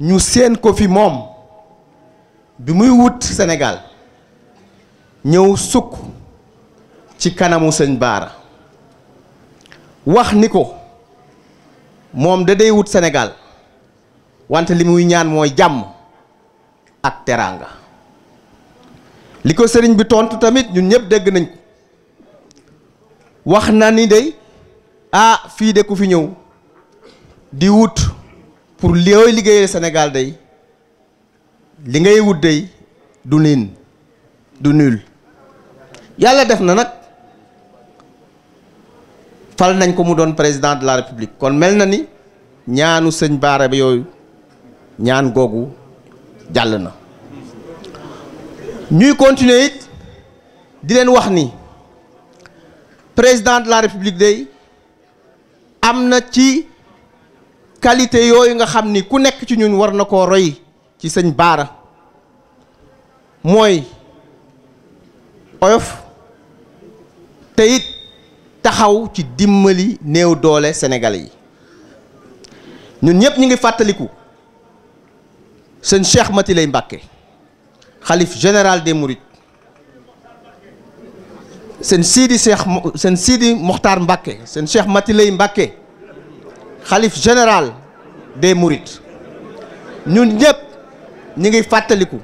ñu seen ko fi moom bi muy wut Sénégal ñëw sukk ci kanamu sëñ Baara wax ni ko moom da day wut Sénégal wante li muy ñaan mooy jàmm ak teraanga li ko sëriñ bi tontu tamit ñun ñëpp dégg nañ ko wax na ni day ah fii de ku fi ñëw di wut pour looy liggéeyee Sénégal day li ngay wut day du niin du nul yàlla def na nag fal nañ ko mu doon président de la république kon mel na ni ñaanu sëñ Baara yooyu ñaan googu jàll na ñuy continuer it di leen wax ni président de la république day am na ci qualité yooyu nga xam ni ku nekk ci ñun war na koo roy ci sëñ Baara mooy oyof te it xaw ci dimbali néew doole senegal yi ñun ñëpp ñu ngi fàttaliku seen Cheikh Mati lay Mbàkke xalif général des Mourides seen Sidi Cheikh seen Sidi Mokhtar Mbàkke seen Cheikh Mati lay Mbàkke xalif général de Mourides ñun ñëpp ñu ngi fàttaliku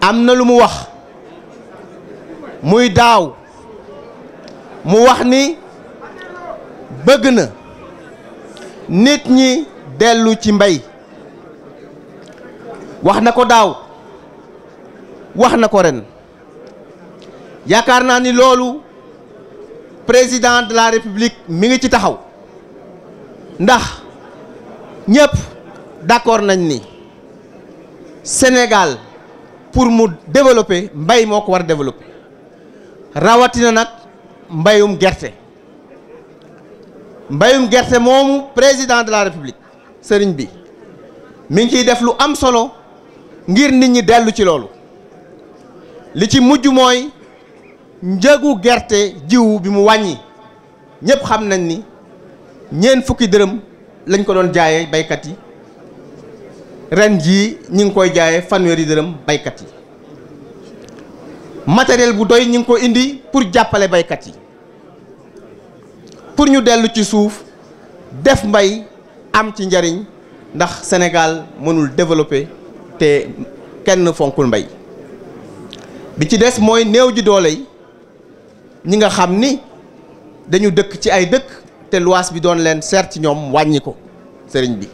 am na lu mu wax muy daaw. mu wax ni bëgg na nit ñi dellu ci mbay wax na ko daaw wax na ko ren yaakaar naa ni loolu président de la république mi ngi ci taxaw ndax ñëpp d'accord nañ ni Sénégal pour mu développer mbay moo ko war a développer rawatina nag. mbayum gerte mbayum gerte moomu président de la république sëriñ bi mi ngi ciy def lu am solo ngir nit ñi dellu ci loolu li ci mujj mooy njëgu gerte jiw bi mu wàññi ñëpp xam nañ ni ñeent fukki dërëm lañ ko doon jaayee baykat yi ren jii ñi ngi koy jaaye fanweeri dërëm baykat yi matériel bu doy ñi ngi ko indi pour jàppale baykat yi pour ñu dellu ci suuf def mbay am ci njariñ ndax Sénégal mënul développer te kenn fonkul mbay bi ci des mooy néew ji doole yi ñi nga xam ni dañu dëkk ci ay dëkk te luwaas bi doon leen seer ci ñoom wàññi ko sëriñ bi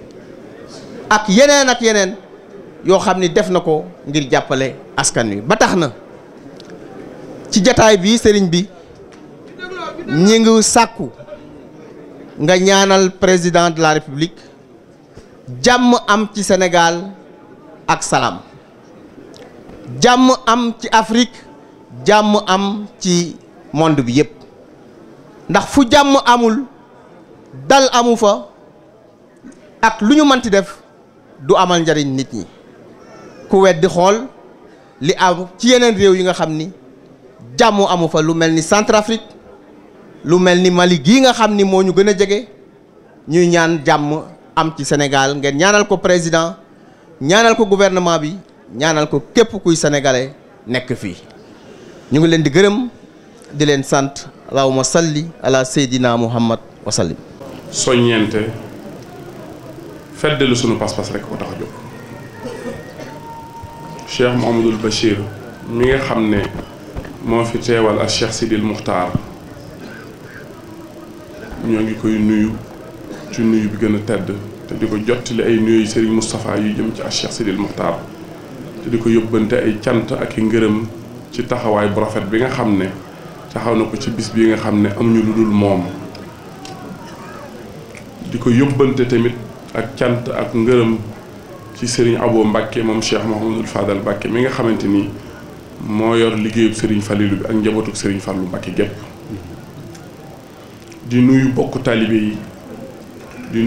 ak yeneen ak yeneen yoo xam ni def na ko ngir jàppale askan wi ba tax na ci jataay bi sëriñ bi ñi ngi sàkku nga ñaanal président de la république jàmm am ci Sénégal ak salaam jàmm am ci Afrique jàmm am ci monde bi yépp ndax fu jàmm amul dal amu fa ak lu ñu mënti def du amal njariñ nit ñi ku weddi xool li am ci yeneen réew yi nga xam ni jàmm amu fa lu mel ni Centrafrique lu mel ni Mali gii nga xam ni moo ñu gën a jege ñuy ñaan jàmm am ci Sénégal ngeen ñaanal ko président ñaanal ko gouvernement bi ñaanal ko képp kuy sénégalais nekk fii ñu ngi leen di gërëm di leen sant allahumma salli ala seydina muhammad wa sallim soññeente feddalu suñu pas-pas rek ko tax a jóg Cheikh Mouhamadoul Bachir mi nga xam ne moo fi teewal ak Cheikh Sidil Muxtaar ñoo ngi koy nuyu ci nuyu bi gën a tedd te di ko jottali ay nuyu Serigne Moustapha yu jëm ci Cheikh Sidil Mokhtar te di ko yóbbante ay cant ak i ngërëm ci taxawaay bu rafet bi nga xam ne taxaw na ko ci bis bi nga xam ne am ñu lu moom di ko yóbbante tamit ak cant ak ngërëm ci Serigne Abo Mbacke moom Cheikh Mouhamadul Fadal Mbacke mi nga xamante ni moo yor liggéeyub sëriñ Falilou bi ak njabootuk Serigne Fallou Mbacke gépp di nuyu bokk taalibe yi di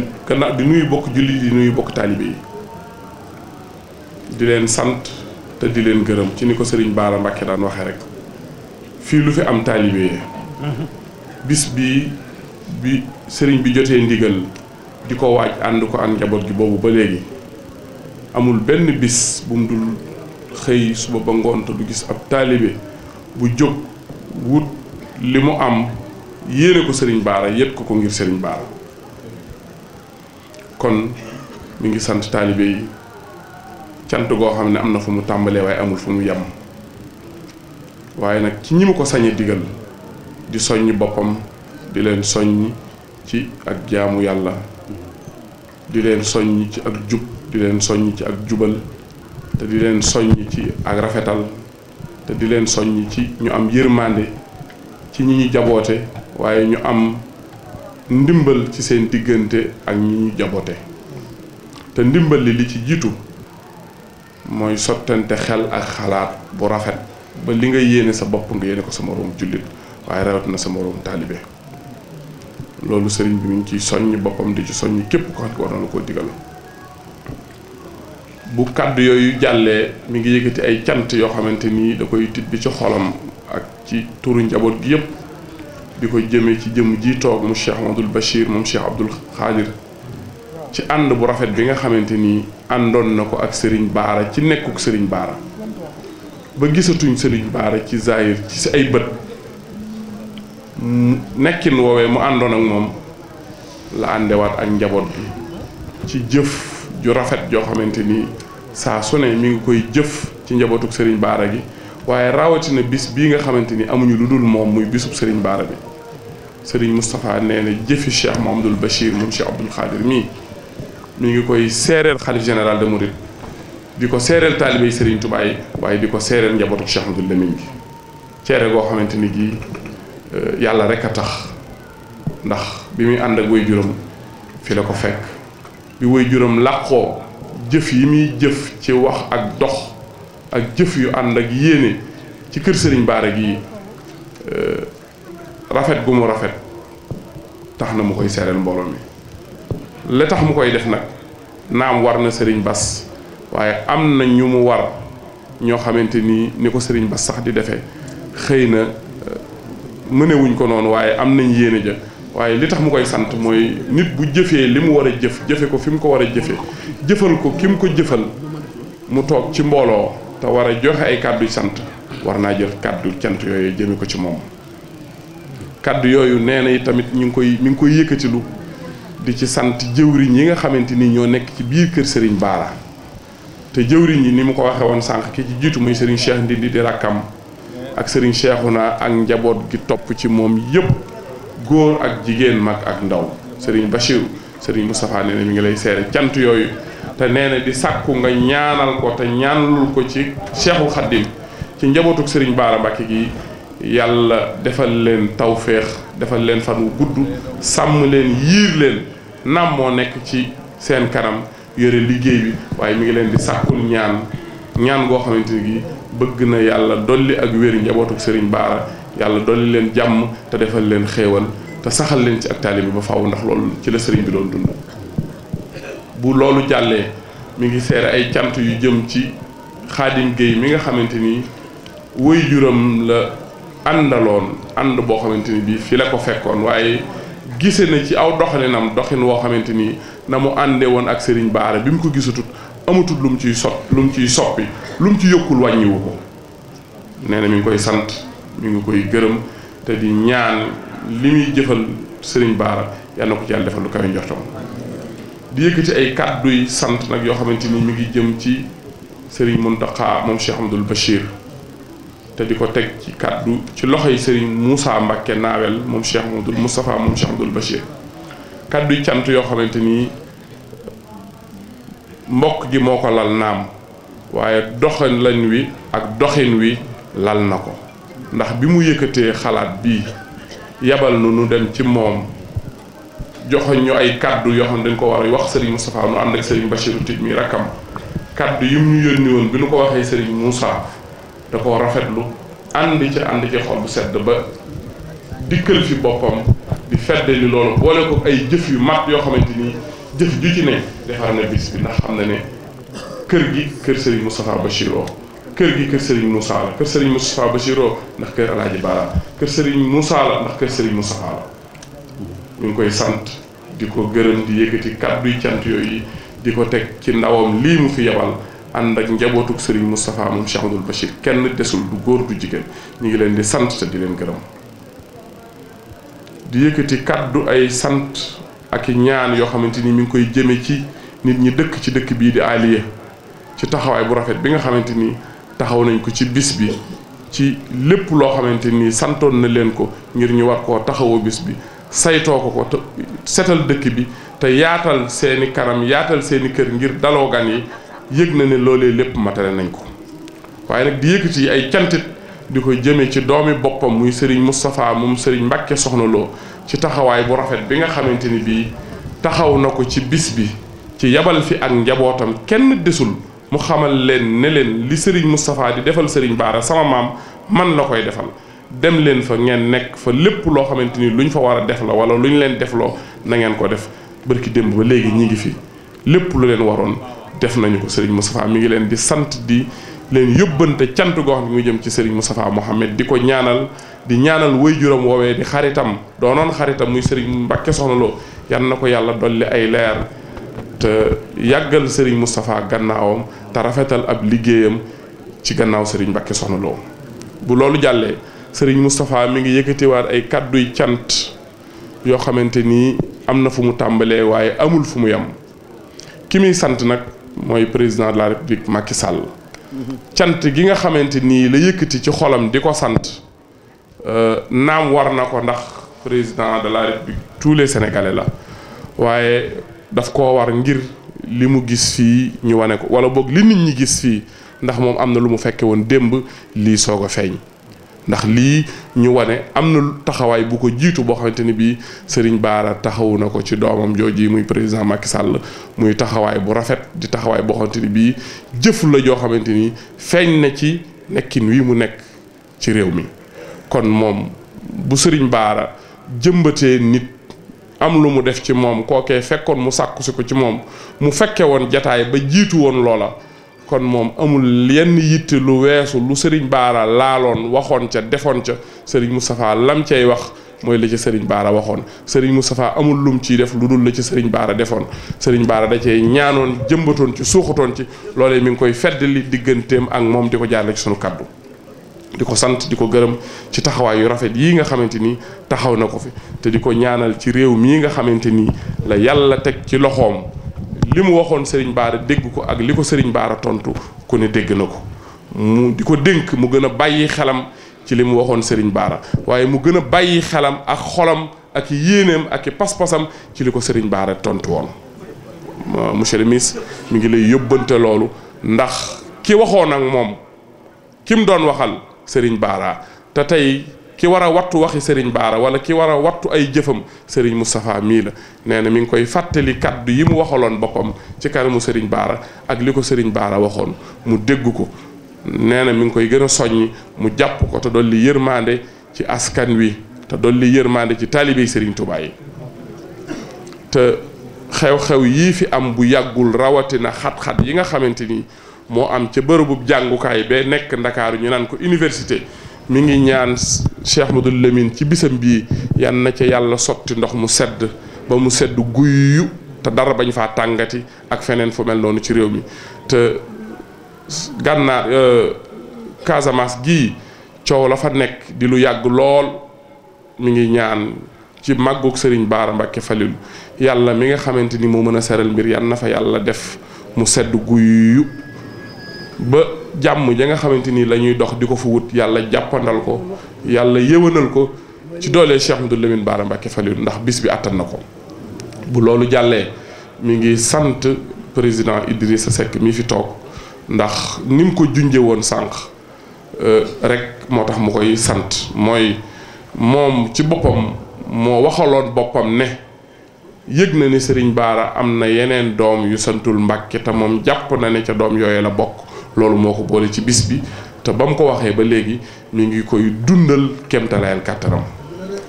nuyu bokk julli nuyu bokk taalibe yi di leen sant te di leen gërëm ci ni ko sëriñ Baara Mbàkke daan waxee rek fii lu fi am taalibe yi bis bi bi sëriñ bi jotee ndigal di ko waaj ànd ko ànd njaboot gi boobu ba léegi amul benn bis bu mu dul xëy suba ba ngoon te du gis ab taalibe bu jóg wut li mu am yéene ko sëriñ baara yët ko ko ngir sëriñ baara kon mi ngi sant taalibe yi cant goo xam ne am na fu mu tàmbalee waaye amul fu mu yem waaye nag ci ñi mu ko sañe digal di soññ boppam di leen soññ ci ak jaamu yàlla di leen soññ ci ak jub di leen soññ ci ak jubal te di leen soññ ci ak rafetal te di leen soññ ci ñu am yërmande ci ñi ñu jaboote waaye ñu am ndimbal ci seen diggante ak ñi jaboote te ndimbal li li ci jiitu mooy sottante xel ak xalaat bu rafet ba li nga yéene sa bopp nga yéene ko sa room jullit waaye rawat na sama room taalibe loolu sëriñ bi mu ci ciy soññ boppam di ci soññ képp ko xam ko war na la koo digal bu kàdd yooyu jàllee mu ngi yëkkati ay cant yoo xamante nii da koy tit bi ci xolam ak ci turu njaboot gi yëpp di ko jëmee ci jëm ji toog mu Cheikh Amadul Bachir moom Cheikh Abdoul Xaadir ci ànd bu rafet bi nga xamante ni àndoon na ko ak sëriñ Baara ci nekkuk sëriñ Baara ba gisatuñ Serigne Baara ci Zahir ci si ay bët nekkin woowee mu àndoon ak moom la àndewaat ak njaboot bi ci jëf ju rafet joo xamante ni saa su ne mi ngi koy jëf ci njabootuk sëriñ Baara gi waaye rawatina bis bii nga xamante ni amuñu lu dul moom muy bisub sëriñ Baara bi. Serigne Moustapha nee na jëfi Cheikh Mouhamadoul Bachir moom Cheikh Abdoul Khadir mii mi ngi koy seereel xalif général de Mouride di ko seereel taalibe yi Serigne Touba yi waaye di ko seereel njabootu Cheikh Abdoul Lamine gi ceere goo xamante ni gii euh, yàlla rek a tax ndax bi muy ànd ak way juróom fi la ko fekk bi way juróom làqoo jëf yi muy jëf ci wax ak dox ak jëf yu ànd ak yéene ci kër sëriñ Bara gi rafet gu mu rafet tax na mu koy seereel mbooloo mi li tax mu koy def nag naam war na sëriñ Bas waaye am na ñu mu war ñoo xamante ni ni ko sëriñ Bas sax di defee xëy na euh, mënewuñ ko noonu waaye am nañ yéene ja waaye li tax mu koy sant mooy nit bu jëfee li mu war a jëf jëfe ko fi mu ko war a jëfe jëfal ko ki mu ko jëfal mu toog ci mbooloo te war a joxe ay kàddu sant war naa jël kàddu cant yooyu jëme ko ci moom kàddu yooyu nee na yi tamit ñu ngi koy mi ngi koy yëkkatilu di ci sant jëwriñ yi nga xamante ni ñoo nekk ci biir kër Serigne Bara te jëwriñ yi ni mu ko waxee woon sànq ki ci jiitu muy Serigne Cheikh Ndindi di rakkam ak sëriñ Serigne naa ak njaboot gi topp ci moom yëpp góor ak jigéen mag ak ndaw sëriñ Bachir sëriñ Moustapha nee na ngi lay seere cant yooyu te nee na di sàkku nga ñaanal ko te ñaanalul ko ci Cheikhul Khadim ci njabootuk Serigne Bara Mbacké gi yàlla defal leen tawféex defal leen fan wu gudd sàmm leen yiir leen nàmmoo nekk ci seen kanam yore liggéey bi waaye mu ngi leen di sàkkul ñaan ñaan goo xamante gi bëgg na yàlla dolli ak wér njabootu sëriñ baara yàlla dolli leen jàmm te defal leen xéewal te saxal leen ci ak taalibe bi ba faaw ndax loolu ci la sëriñ bi doon dund bu loolu jàllee mi ngi seere ay cant yu jëm ci xaadim géey mi nga xamante wëy juram la àndaloon ànd boo xamante ni bii fii la ko fekkoon waaye gise na ci aw doxalinam doxin woo xamante ni na mu àndee woon ak Serigne Baara bi mu ko gisatut amatul lu mu ciy sot lu mu ciy soppi lu ci yokkul wàññiwu ko nee na mi ngi koy sant mi ngi koy gërëm te di ñaan li muy jëfal sëriñ Baara yal na ko ci yàlla defal lu kawe njortam di yëkkati ay kàdduy sant nag yoo xamante ni mi ngi jëm ci Serigne Mountakha moom Cheikh Amadou Bachir. te di ko teg ci kàddu ci loxo yi sëriñ Moussa Mbacke naawel moom Cheikh Mouhamadoul Moustapha moom Cheikh Abdoul Bachir kàddu yi cant yoo xamante ni mbokk gi moo ko lal naam waaye doxin lañ wi ak doxin wi lal na ko ndax bi mu yëkkatee xalaat bii yabal nu nu dem ci moom joxoñ ñu ay kaddu yoo xam ne dañ ko war a wax sëriñ Moustapha nu ànd ak sëriñ Bachir Tib mi rakkam kàddu yi mu ñu yónni woon bi nu ko waxee sëriñ Moussa da koo rafetlu ànd ci ànd ci xol bu sedd ba dikkal fi boppam di fedde li loolu boole ko ay jëf yu mat yoo xamante ni jëf ju ci ne defar na bis bi ndax xam na ne kër gi kër Serigne Moustapha Bachir kër gi kër Serigne Moussa la kër Serigne Moustapha Bachir ndax kër Alaaji Bara kër Serigne Moussa la ndax kër Serigne Moustapha la ñu ngi koy sant di ko gërëm di yëkkati kàddu yi di ko teg ci ndawam lii mu fi yabal ànd ak njabootuk Serigne Moustapha moom Cheikh Abdoul Bachir kenn desul du góor du jigéen ñu ngi leen di sant te di leen gërëm di yëkkati kàddu ay sant ak ñaan yoo xamante ni mi ngi koy jëme ci nit ñi dëkk ci dëkk bii di Aliya ci taxawaay bu rafet bi nga xamante ni taxaw nañ ko ci bis bi ci lépp loo xamante ni santoon na leen ko ngir ñu war koo taxawoo bis bi saytoo ko ko setal dëkk bi te yaatal seeni kanam yaatal seeni kër ngir daloo gan yi yëg na ne loolee lépp matale nañ ko waaye nag di yëkkati ay cantit di ko jëmee ci doomi boppam muy Serigne Moustapha moom Serigne Mbacke Soxna Lo ci taxawaay bu rafet bi nga xamante ni bii taxaw na ko ci bis bi ci yabal fi ak njabootam kenn desul mu xamal leen ne leen li Serigne Moustapha di defal Serigne Baara sama maam man la koy defal dem leen fa ngeen nekk fa lépp loo xamante ni luñ fa war a def la wala luñ leen defloo na ngeen ko def barki démb ba léegi ñi fi lépp lu leen waroon. def nañu ko Serigne Moustapha mi ngi leen di sant di leen yóbbante cant goo xam ne mu jëm ci Serigne Moustapha Mohamed di ko ñaanal di ñaanal waajuram woowee di xaritam doo doonoon xaritam muy Serigne Mbacke Soxna Lo na ko yàlla dolli ay leer te yàggal Serigne Moustapha gannaawam te rafetal ab liggéeyam ci gannaaw Serigne Mbacke bu loolu jàllee Serigne Moustapha mi ngi yëkkatiwaat ay kàdduy cant yoo xamante nii am na fu mu tàmbalee waaye amul fu mu yem ki muy sant nag. mooy président de la république Macky Sall. cant gi nga xamante nii la yëkkati ci xolam di ko sant euh, naam war na ko ndax président de la république tous les sénégalais la waaye daf koo war ngir li mu gis fii ñu wane ko wala boog li nit ñi gis fii ndax moom am na lu mu fekkee woon démb lii soog a feeñ. ndax lii ñu wane am na taxawaay bu ko jiitu boo xamante ni bii Serigne baara taxawu na ko ci doomam jooju muy président Macky Sall muy taxawaay bu rafet di taxawaay boo xamante ni bii jëf la joo xamante ni feeñ na ci nekkin wi mu nekk ci réew mi. kon moom bu Serigne Bara jëmbatee nit am lu mu def ci moom kookee fekkoon mu sàkku ko ci moom mu fekke woon jataay ba jiitu woon loola. kon moom amul yenn yitt lu weesu lu sëriñ baara laaloon waxoon ca defoon ca sëriñ Moustapha lam cay wax mooy la ci sëriñ baara waxoon sëriñ Moustapha amul lum ciy def lu dul la ci sëriñ baara defoon sëriñ baara da cee ñaanoon jëmbatoon ci suuxatoon ci loolee mi ngi koy feddali digganteem ak moom di ko jaarale ci sunu kaddu di ko sant di ko gërëm ci taxawaay yu rafet yii nga xamante ni taxaw na ko fi te di ko ñaanal ci réew mii nga xamante ni la yàlla teg ci loxoom li mu waxoon Serigne baara dégg ko ak li ko Serigne baara tontu ku ne dégg na ko mu di ko dénk mu gën a bàyyi xelam ci li mu waxoon Serigne Bara waaye mu gën a bàyyi xelam ak xolam ak yéeneem ak i pas-pasam ci li ko Serigne Bara tontu woon. monsieur le ministre mu ngi lay yóbbante loolu ndax ki waxoon ak moom ki doon waxal sëriñ baara te tey. ki war a wattu waxi Serigne Baara wala ki war a wattu ay jëfam Serigne Moustapha mii la nee na mi ngi koy fàttali kàddu yi mu waxaloon boppam ci kanamu Serigne Baara ak li ko Serigne Baara waxoon mu dégg ko nee na mi ngi koy gën a soññi mu jàpp ko te dolli yërmande ci askan wi te dolli yërmande ci taalibe Serigne Touba yi te xew-xew yii fi am bu yàggul rawatina xat-xat yi nga xamante ni moo am ca bërëbu jàngukaay bee nekk ndakaaru ñu naan ko université. mu ngi ñaan Cheikh Madou Lamine ci bisam bii yan na ca yàlla sotti ndox mu sedd ba mu sedd guyyu te dara bañ fa tàngati ak feneen fu mel noonu ci réew mi te gànnaar euh, Casamance gii coow la fa nekk di lu yàgg lool mu ngi ñaan ci màggug sëriñ Baara Mbacke yàlla mi nga xamante ni moo mën a seral mbir yan na fa yàlla def mu sedd guyyu ba. jàmm ja nga xamante ni la dox di ko fa wut yàlla jàppandal ko yàlla yëwanal ko ci doole Cheikh Amadou Lamine Bara Mbacké Falilou ndax bis bi àttan na ko bu loolu jàllee mu ngi sant président sa Seck mi fi toog ndax nim ko junje woon sànq euh, rek moo tax mu koy sant mooy moom ci boppam moo waxaloon boppam ne yëg na ni Serigne baara am na yeneen doom yu santul Mbàkke te moom jàpp na ne ca doom yooyu la bokk loolu moo ko boole ci bis bi te ba mu ko waxee ba léegi ñu ngi koy dundal kemtalayal kàttanam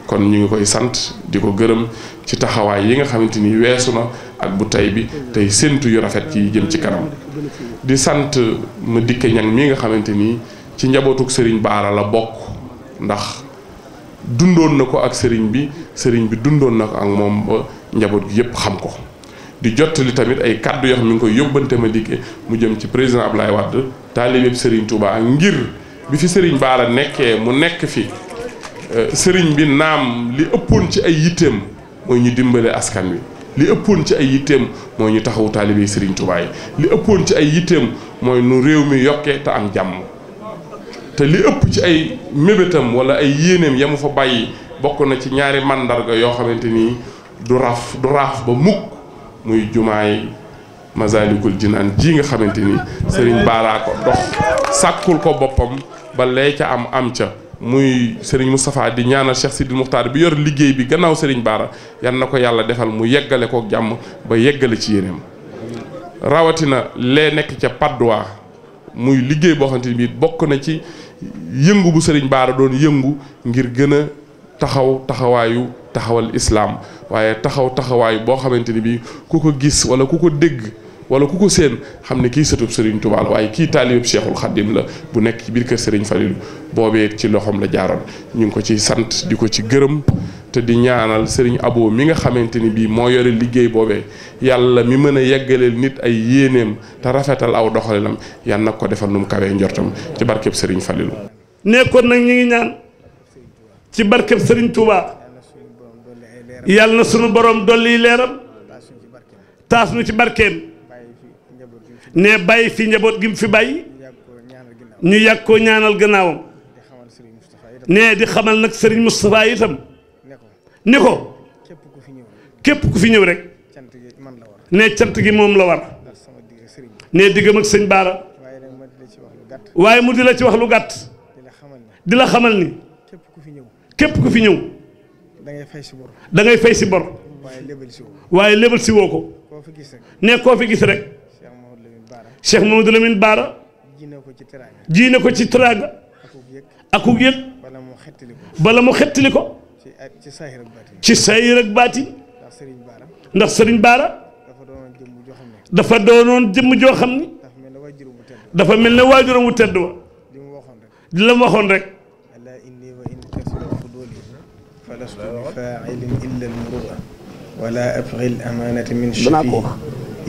kon ñu ngi koy sant di ko gërëm ci taxawaay yi nga xamante ni weesu na ak bu tey bi tey séentu yu rafet yi jëm ci kanam di sant ma dikke ñan mi nga xamante ni ci njabootuk sëriñ baala la bokk ndax dundoon na ko ak sëriñ bi sëriñ bi dundoon na ko ak moom ba njaboot gi yëpp xam ko di jottali tamit ay kàddu yoo xam ngi koy yóbbante ma dikkee mu jëm ci président Ablaye Wade taalibeeb Serigne Touba ngir bi fi Serigne Bara nekkee mu nekk fi euh, sëriñ bi naam li ëppoon ci ay yitteem mooy ñu dimbale askan wi. li ëppoon ci ay yitteem ñu taxawu taalibe Serigne li ëppoon ci ay yitteem mooy nu réew mi yokkee te am jàmm te li ëpp ci ay mébétam wala ay yéeneem yamu fa bàyyi bokk na ci ñaari màndarga yoo xamante ni du raf du raaf ba mukk muy jumaay Masaalikul Jinaan ji nga xamante ni Serigne Bara ko dox sàkkul ko boppam ba lay ca am am ca muy Serigne Moustapha di ñaanal Cheikh Sidil Muxtaar bi yor liggéey bi gannaaw Serigne Bara yan na ko yàlla defal mu yeggale ko jàmm ba yeggale ci yéeneem rawatina lee nekk ca Padoa muy liggéey boo xamante ni bokk na ci yëngu bu Serigne baara doon yëngu ngir gën a taxaw taxawaayu taxawal islaam waaye taxaw taxawaay boo xamante ni bii ku ko gis wala ku ko dégg wala ku ko séen xam ne kii sëtub Serigne Touba la waaye kii taalibub Cheikhul Khadim la bu nekk ci biir kër Serigne Falilou boobee ci loxoom la jaaroon ñu ngi ko ciy sant di ko ci gërëm te di ñaanal Serigne Abo mi nga xamante ni bii moo yore liggéey boobee yàlla mi mën a yeggaleel nit ay yéeneem te rafetal aw doxalinam yan nag ko defal nu mu kawee njortam ci barkeb Serigne Falilou. nekkoon nag ñu ngi ñaan ci barkeb Serigne Touba. yàlla na sunu borom dolli leeram taas nu ci barkeem nee bàyyi fi njaboot gi mu fi bàyyi ñu yàgg koo ñaanal gannaawam ne di xamal nag sëriñ Serigne Moustapha itam ni ko képp ku fi ñëw rek ne cant gi moom la war nee diggam ak sëñ Baara waaye mu di la ci wax lu gàtt di la xamal ni képp ku fi ñëw. da ngay fay si bor. dangay fay si bor. waaye lebal si woo ko. waaye lebal woo ko. koo fi gis rek. ne koo fi gis rek. Cheikh Mamadou la Baara. Cheikh Mamadou Lamine Baara. ji ko ci teraanga. ji na ko ci teraanga. akug yëg. akug yëg. bala mu xettali ko. bala mu xettali ko. ci ci saahir ak baatin. ci saahir ak baatin. ndax Serigne Baara. ndax Serigne Baara. dafa doonoon jëmm joo xam ne. dafa doonoon jëmm joo xam ne. dafa mel ne waajuram wu tedd wa. dafa mel ne waajuram wu tedd wa. li mu waxoon rek. la mu waxoon rek. lastu bi faa'ilin illa al-muru'a wala abghi al-amaanata min shafi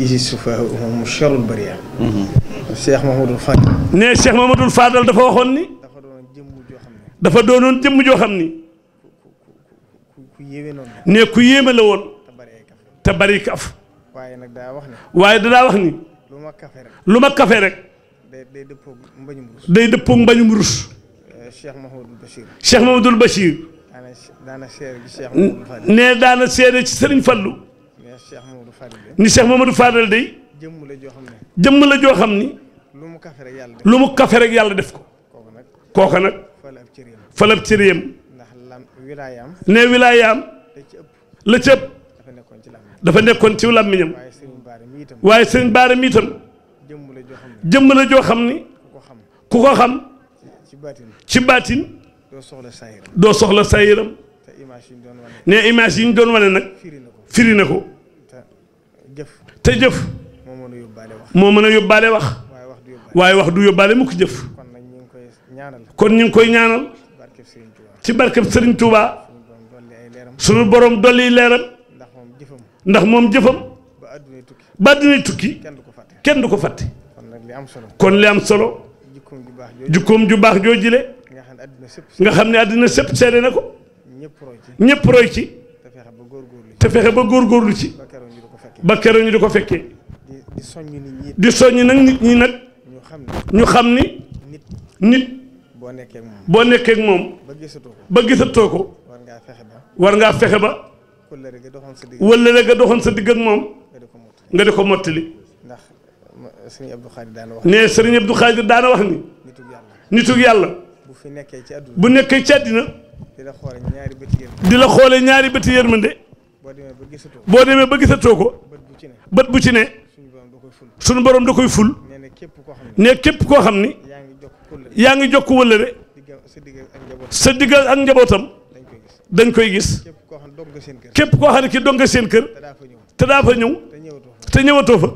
isi sufaha hum sharrul bariya Cheikh Mahmadul dafa waxoon ni dafa doonoon jëmm joo xam ne dafa doonoon jëmm joo xam ni ne ku yéeme la woon te bari kaf nag daa wax ni waaye dadaa wax ni lu ma kafe rek lu ma rek day dëppoo mbañum rus day dëppoo mbañum rus eh, Cheikh Mahmadul ne daana seere ci Serigne Fallou ni Cheikh moom Fadal day jëmm la joo xam ne jëmm la joo xam ni lu mu kafe rek yàlla lu mu kafe rek yàlla def ko kooka nag falab cëriyam ne wilaayaam la cëpp dafa nekkoon ci làmmiñam waaye sëriñ baara mi itam jëmm la joo xam ni ku ko xam ci baatin doo soxla sayiram ne image yi ñu doon wane nag firi na ko te jëf moo mën a yóbbaale wax waaye wax du yóbbaale mukk jëf kon ñu ngi koy ñaanal ci barkeb Serigne Touba sunu borom dolli leeram ndax moom jëfam ba àddina tukki kenn du ko fàtte kon li am solo jikkoom ju baax joo jile nga xam ne àddina sépp seede na ko ñëpp roy ci te fexe ba góorgóorlu ci ba keroog ñu di ko fekkee di soññ nag nit ñi nag ñu xam ni nit boo nekkee ak moom ba gisatoo ko war ngaa fexe ba wëllëre ga doxoon sa digg moom nga di ko mottali ne sëriñ Abdou Khadir daana wax ni nituk yàlla bu nekkee ci àddina di la xoole ñaari bëti yërmande. di la xoole ñaari bëti yërmande. boo demee ba gisatoo ko boo demee ba gisatoo ko. bët bu ci ne bët bu ci ne. suñu borom da koy ful. nee na képp koo xam ne. nee képp koo xam ni. yaa ngi jokk wëllëre. yaa ngi jokk wëllëre. sa diggal ak njabootam sa diggal ak njabootam. dañ koy gis. képp koo xam ne dong nga seen kër. képp koo xam ne ki dong nga seen kër. te daa fa ñëw te ñëwatoo fa.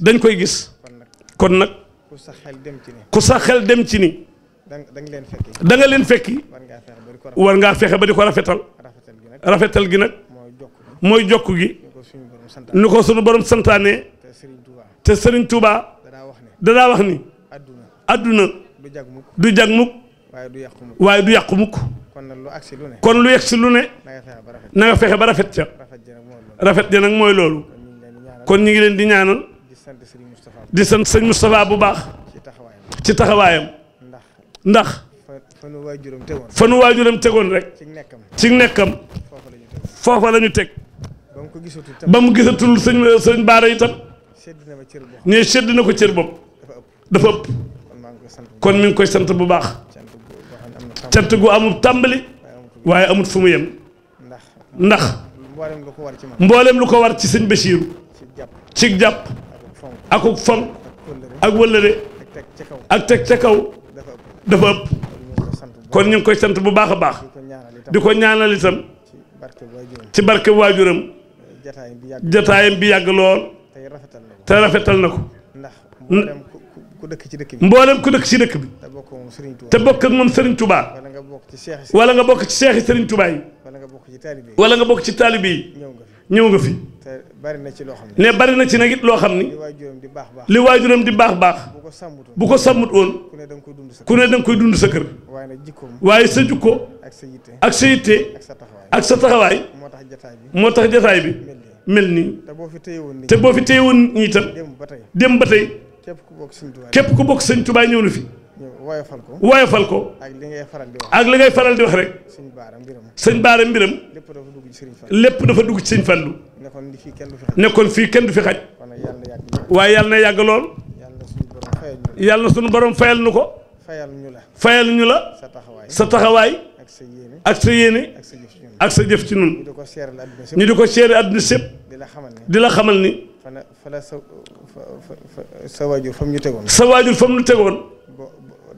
dañ koy gis. kon nag ku sax xel dem ci ni. ku sa xel dem ci ni. da nga leen fekki. da nga leen fekki. war ngaa fexe ba di ko rafetal. rafetal gi nag. mooy jokk gi. nu ko suñu borom santaane. te Serigne Touba. danaa wax ni. adduna. du jag mukk du jag mukk. waaye du yàqu mukk. kon lu agsi lu ne. kon lu yegsi lu ne. na nga fexe ba rafet ca. rafet ja nag mooy loolu. kon ñu ngi leen di ñaanal. di sant sëñ Moustapha bu baax. ci taxawaayam. ndax. fanu waajuram tegoon fanu waajuram tegoon rek. ci nekkam ci nekkam. foofa la ñu teg. ba mu ko gisatul ba mu gisatul sëñ sëñ Baara itam. ne sedd na ko cër bopp. dafa ëpp. kon mi ngi koy sant bu baax. cant gu amul tàmbali. waaye amul fu mu yem. ndax. mbooleem lu ko war ci sëñ Bachiru. ci jàpp. ak fonk ak wëllëre. ak teg ca kaw. dafa ëpp kon ñu ngi koy sant bu baax a baax di ko ñaanal itam ci barke waajuram jataayam bi yàgg lool te rafetal na ko mboolem ku dëkk ci dëkk bi te bokk ak moom Serigne Touba wala nga bokk ci seexi Serigne Touba yi wala nga bokk ci taalibe yi ñëw nga fi. bari na ci loo xam ne bari na ci nag it loo xam ni li waajuram di baax baax bu ko sàmmut woon ku ne da nga koy dund sa kër waaye sa jukko ak sa yitte ak sa taxawaay moo tax jataay bi mel nii te boo fi téye woon ñi itam dem ba tey képp ku bokk sëñ Tuubaa ñëw na fi woyofal ko woyofal ko ak li ngay faral di wax ak li ngay faral di wax rek sëñ Baara mbiram lépp dafa dugg ci sëñ Fallu nekkoon fii kenn du fi xaj waaye yàlla na yàgg lool yàlla na suñu borom fayal nu ko fayal ñu la sa taxawaay ak sa yéene ak sa jëf ci nun ñu di ko seere àdduna sépp di la xamal ni sa waajur fa mu ñu tegoon sa waajur fa mu ñu tegoon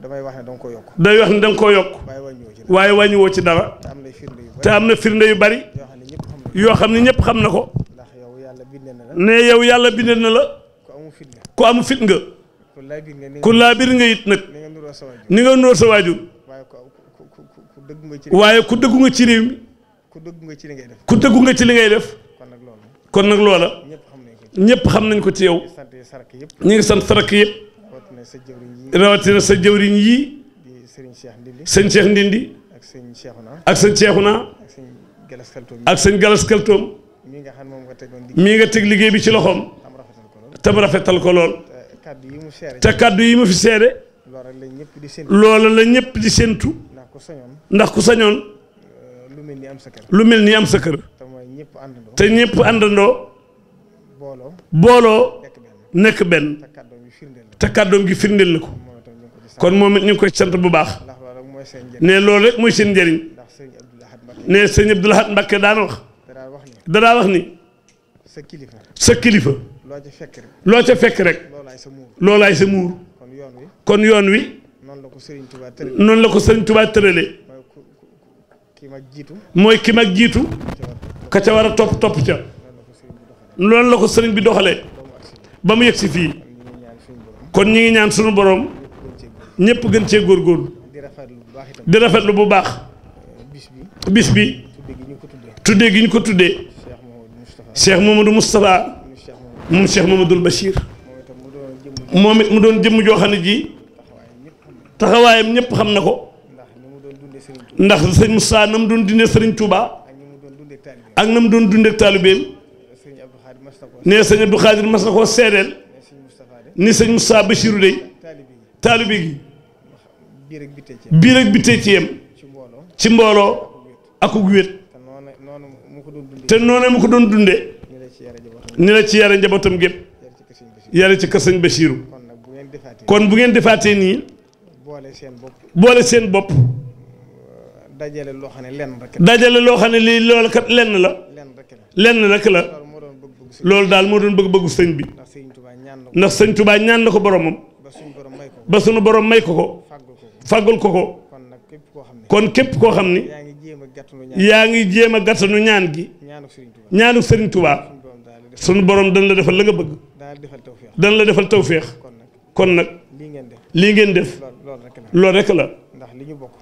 damay wax ne danga koo yokk day wax ne danga koo yokk waaye wàññiwoo ci dara te am na firnde yu bari yoo xam ne ñëpp xam na ko. ndax yow yàlla bind na la. ne yow yàlla bind na la. ku amu fit nga. ku amu fit nga. ku laabir nga it nag. ni nga nuroo sa waajur ni nga nuroo sa waaye ku dëggu nga ci. waaye ku dëggu nga ci réew ku dëggu ci li ngay def. ku nga ci li ngay def. kon nag loola. kon nag loola. ñëpp xam nañ ko ci yow. ñu ngi sant sarak yëpp. rawatina sa jëwriñ yi. sëñ Cheikh Ndindi. ak sëñ naa ak sëñ Galas Kaltoom mii nga xam moom nga tegoon mii nga teg liggéey bi ci loxoom te mu rafetal ko lool te kàddu yi mu fi seede loola la ñëpp di séentu ndax ku sañoon euh, lu mel ni am sa kër te ñëpp àndandoo booloo nekk benn te kàddoom gi firndeel na ko kon moom it ñu ngi koy sant bu baax ne loolu rek mooy seen njëriñ. ne sëñ Abdou Lahad Mbacké daana wax. danaa wax ni danaa wax ni. sa kilifa sa kilifa. loo ca fekk rek loo ca fekk rek. loolaay sa muur loolaay sa muur. kon yoon wi kon yoon wi. noonu la ko Serigne Touba noonu la ko Serigne Touba tëralee. mooy ki mag jiitu. mooy ki mag jiitu. ka ca war a topp topp ca. loolu la ko sëriñ bi doxalee ba mu si fii kon ñi ngi ñaan sunu borom ñëpp gën cee góor góor di rafetlu bu baax bis bi tuddee gi ñu ko seex Cheikh Mamadou Moustapha moom Cheikh Mamadou Bachir moom it mu doon jëmm joo xam ne ji taxawaayam ñëpp xam na ko ndax sëñ Moussa na mu doon dundee sëriñ Touba ak na mu doon dundee taalibeem nee sëñ Abdou Khadir mas na ko seedeel ni sëñ Moussa Bachirou de taalibe gi biir ak bittee ci yem ci mbooloo akuk wéet te noonu mu ko doon dundee ni la ci yare njabootam gépp yare ci kër sëñ Bachirou kon bu ngeen defaatee nii boole seen bopp dajale loo xam ne lenn rek dajale loo xam ne lii loolu ka lenn la lenn rek la loolu daal moo doon bëgg-bëggu sëñ bi ndax sëñ Touba ñaan na ko boromam ba suñu borom may ko ko fàggul ko ko kon képp koo xam ni yaa ngi jéem a gàttanu ñaan gi ñaanu Serigne Touba sunu borom dana la defal la nga bëgg dana la defal tawféex kon nag lii ngeen def loolu rek la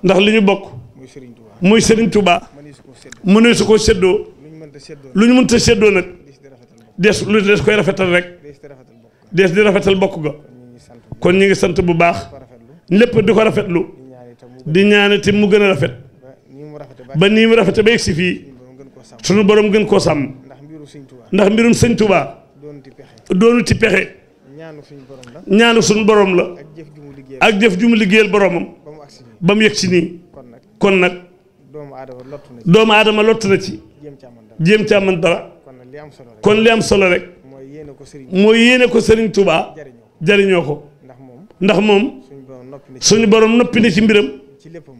ndax li ñu bokk muy Serigne Touba mënee su ko séddoo lu ñu mënta séddoo nag des lu des koy rafetal rek des di rafetal bokk ga kon ñu ngi sant bu baax lépp di ko rafetlu di ñaanati mu gën a rafet. ba nii mu rafete ba yegg si fii sunu borom gën koo sàmm ndax mbirum sëñ Touba doonu ti pexe ñaanu suñu borom la ak jëf ju mu liggéeyal boromam ba mu yegg si nii kon nag doomu aadama lott na ci jéem ca man dara kon li am solo rek mooy yéene ko sëriñ Touba jariñoo ko ndax moom suñu borom noppi na ci mbiram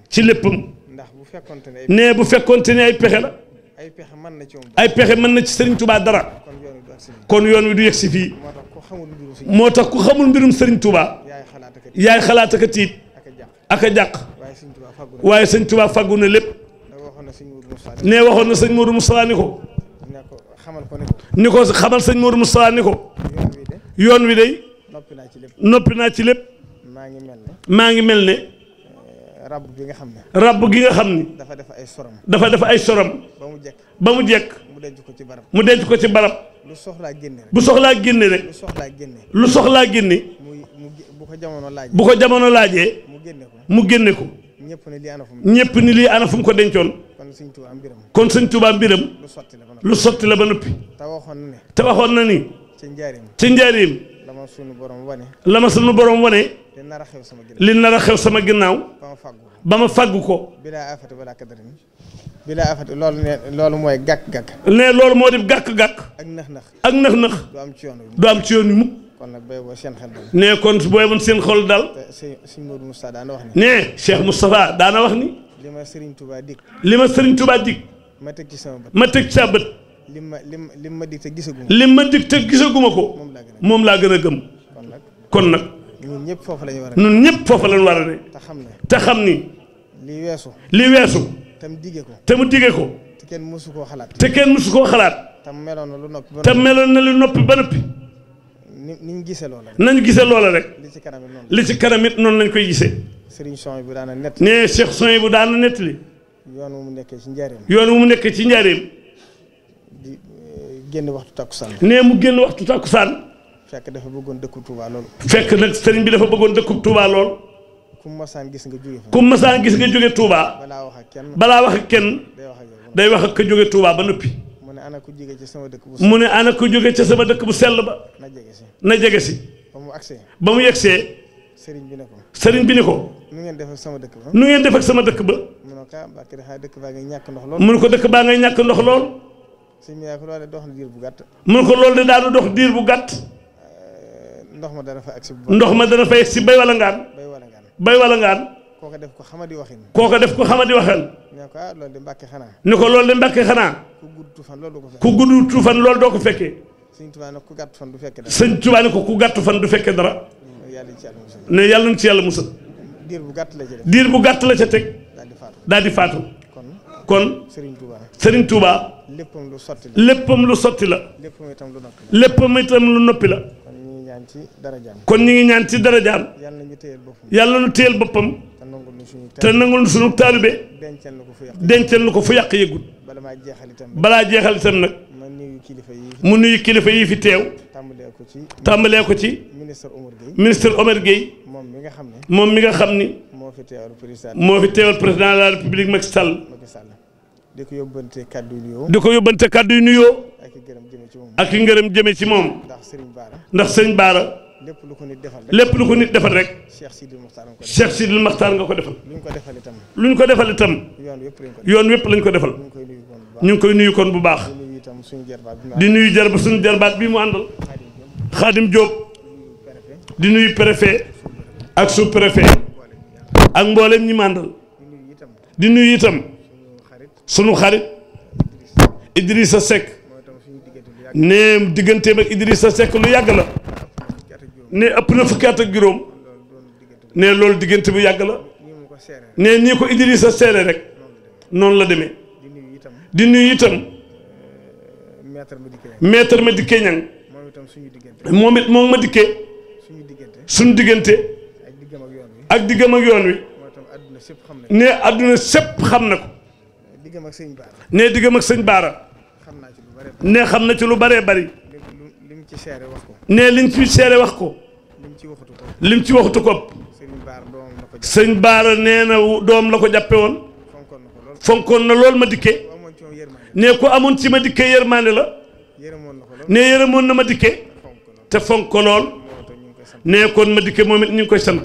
ci léppam ne bu fekkonte ne ay pexe la. ay pexe mën na ci ay pexe mën na ci Serigne Touba dara. kon yoon wi du yegsi fii. moo tax ku xamul mbirum Serigne Touba. yaay xalaat ak a tiit. ak a jàq. waaye Serigne tubaa fagu na lépp. ne waxoon na sëñ Modou Moustapha ni ko. ni ko xamal sëñ Modou Moustapha ni ko. yoon wi day. noppi naa ci lépp. maa ngi mel ne. maa ngi mel ne. rab gi nga xam ne. rab gi nga xam ne. dafa def ay sorom. dafa def ay sorom. ba mu jekk ba mu jekk. mu denc ko ci barab. mu denc ko ci barab. lu soxlaa génne bu soxlaa génne rek. lu soxlaa génne. lu soxlaa génne. bu ko jamono laajee. bu ko jamono laajee. mu génne ko mu génne ko. ñëpp ni lii ana fu ñëpp ni lii ana fu ko dencoon. kon sëñ Tuubaa mbiram. kon sëñ Tuubaa mbiram. lu sotti la ba noppi. lu sotti la ba noppi. te waxoon na ni. te waxoon na ni. ci njaareem. ci njaareem. la ma borom wane. li nar a xew sama ginnaaw ba ma fàggu ko. bilaa afati wala kadarin bilaa afati loolu ne loolu mooy gàkk-gàkk. ne loolu moo di gàkk-gàkk. ak nax-nax ak nax-nax. du am ci yoon wi du ci yoon wi mukk. kon nag booy boo seen xel kon booy boo seen xol dal. sëñ Modou Moustapha daana wax ni. ne Cheikh Moustapha daana wax ni. li ma Serigne Touba dig. li ma Serigne Touba dig. ma teg ci sama bët ma teg ci sa bët. li ma li ma li ma dig te gisaguma. li ma dig te gisaguma ko. moom laa moom laa gën a gëm. kon nag. ñëpp foofu la ñu war a ñëpp foofu la ñu war ne. te xam ne te xam ni. li weesu. li weesu. te mu diggee ko te mu diggee ko. kenn mësu koo xalaat. te kenn mësu koo xalaat. te meloon na lu noppi ba noppi te meloon na lu noppi ba noppi. ni gisee loola rek. nañu gisee loola rek. li ci kanam it noonu li noonu lañ koy gise Serigne Sonia bu daan na nett. nee Cheikh Sonia bu daan na nett li. yoon wu mu nekkee ci njaareem. yoon wu mu nekkee ci njaareem. Eh, waxtu takkusaan. nee mu génn waxtu takkusaan. fekk dafa bëggoon dëkkub Touba lool. fekk nag sëriñ bi dafa bëggoon dëkkub Touba lool. ku masaan gis nga jóge fa. ku masaan gis nga jóge Touba. balaa wax ak kenn balaa wax ak kenn. day wax ak ka jóge tuubaa ba noppi. mu ne ana ku jóge ca sama dëkk bu. mu ne ana ku jóge ca sama dëkk bu sell ba. na jege si na jege si. ba mu agsee ba mu yegsee. sëriñ bi ne ko. bi ne ko. nu ngeen def ak sama dëkk ba. nu ngeen def ak sama dëkk ba. mu ne ko ah, Mbàkke dafa dëkk baa ngay ñàkk ndox lool. mu ne ko dëkk baa ngay ñàkk ndox lool. sëriñ bi ne ko loolu de dox na dox diir bu gàtt ndox ma dana fa agsi ndox ma dana fa bay walangaan bay kooka def ko xamadi waxin kooka ko xamadi waxin ne ko ah, loolu di mbàkke xanaa ne ko loolu di mbàkke xanaa ku gudd fan loolu doo ko fekkee ku gudd fan loolu doo ko fekkee sëñ Tuubaa ne ku gàtt fan du fekkee dara sëñ Tuubaa ne ko ku gàtt fan du fekkee dara ne yàlla ñu ci yàlla musal diir bu gàtt la ca def diir bu gàtt la ca teg daal di faatu kon Serigne Touba Serigne Touba léppam lu sotti la léppam lu noppi la léppam itam lu noppi la ñaan ci darajaam kon ñu ngi ñaan ci darajaam yàlla ñu téyel boppam yàlla ñu téyel boppam te nangul ñu suñu taalibe dencal nu ko fu yàq yëgul balaa jeexal itam nag mu nuyu kilifa yi fi teew tàmbalee ko ci ministre Omar Gueye moom mi nga xam ni moo fi teewal président de la république Macky Sall di ko yóbbante kàddu yu nuyoo ngërëm jëme ci moom ak ngërëm jëme ci moom ndax sëriñ Baara lépp lu ko nit defal rek lépp lu ko nit defal rek Cheikh Sidil Mokhtar nga ko Cheikh Sidil Mokhtar nga ko defal luñ ko defal itam luñ ko defal itam yoon wépp lañ ko defal ñu ngi koy nuyu kon bu baax di nuyu jarba suñu jarbaat bi mu àndal Khadim Diop di nuyu préfet ak sous préfet ak mboolem ñi mu àndal di nuyu itam sunu xarit Idrissa Seck ne ma ak Idrissa Seck lu yàgg la ne ëpp na fukki at ak juróom ne loolu diggante bu yàgg la ne nii ko Idrissa seere rek noonu la demee di nuyu itam maître ma dikkee ñang moom it moom ma dikkee suñu diggante ak diggam ak yoon wi ne àdduna sépp xam na ko ne diggam ak sëñ Baara ne xam na ci lu bëree bëri. lim ci seere wax ko. ne lim ci seere wax ko. lim ci waxutu ko. lim ci waxutu ko. sëñ Baara nee na doom la ko jàppe woon. fonkoon na lool ma dikkee. ne ko amoon ci ma dikkee yërmaande la. ne yërëmoon na ma dikkee. te fonk ko lool. ne koon ma dikkee moom it ñu ngi koy sant.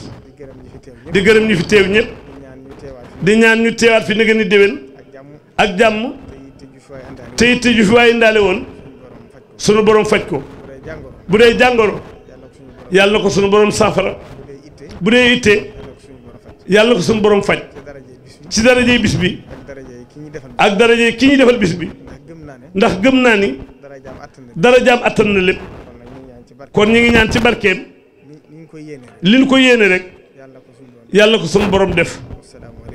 di gërëm ñu fi teew ñëpp. di ñaan ñu teewaat fi na gën a déwén. ak jàmm. te it ju fi waay indaale woon sunu borom faj ko bu dee jàngoro yàlla na ko sunu borom saafara bu dee ittee yàlla na ko sunu borom faj ci darajee bis bi ak darajee ki ñuy defal bis bi ndax gëm naa ni darajaam attan na lépp kon ñu ngi ñaan ci barkeem li ñu ko yéene rek yàlla ko sunu borom def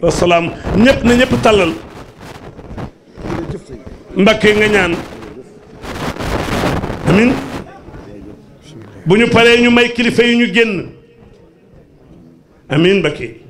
wasalaam ñëpp na ñëpp tàllal Mbakke nga ñaan amin bu ñu paree ñu may kilifa yu ñu génn amin Mbakke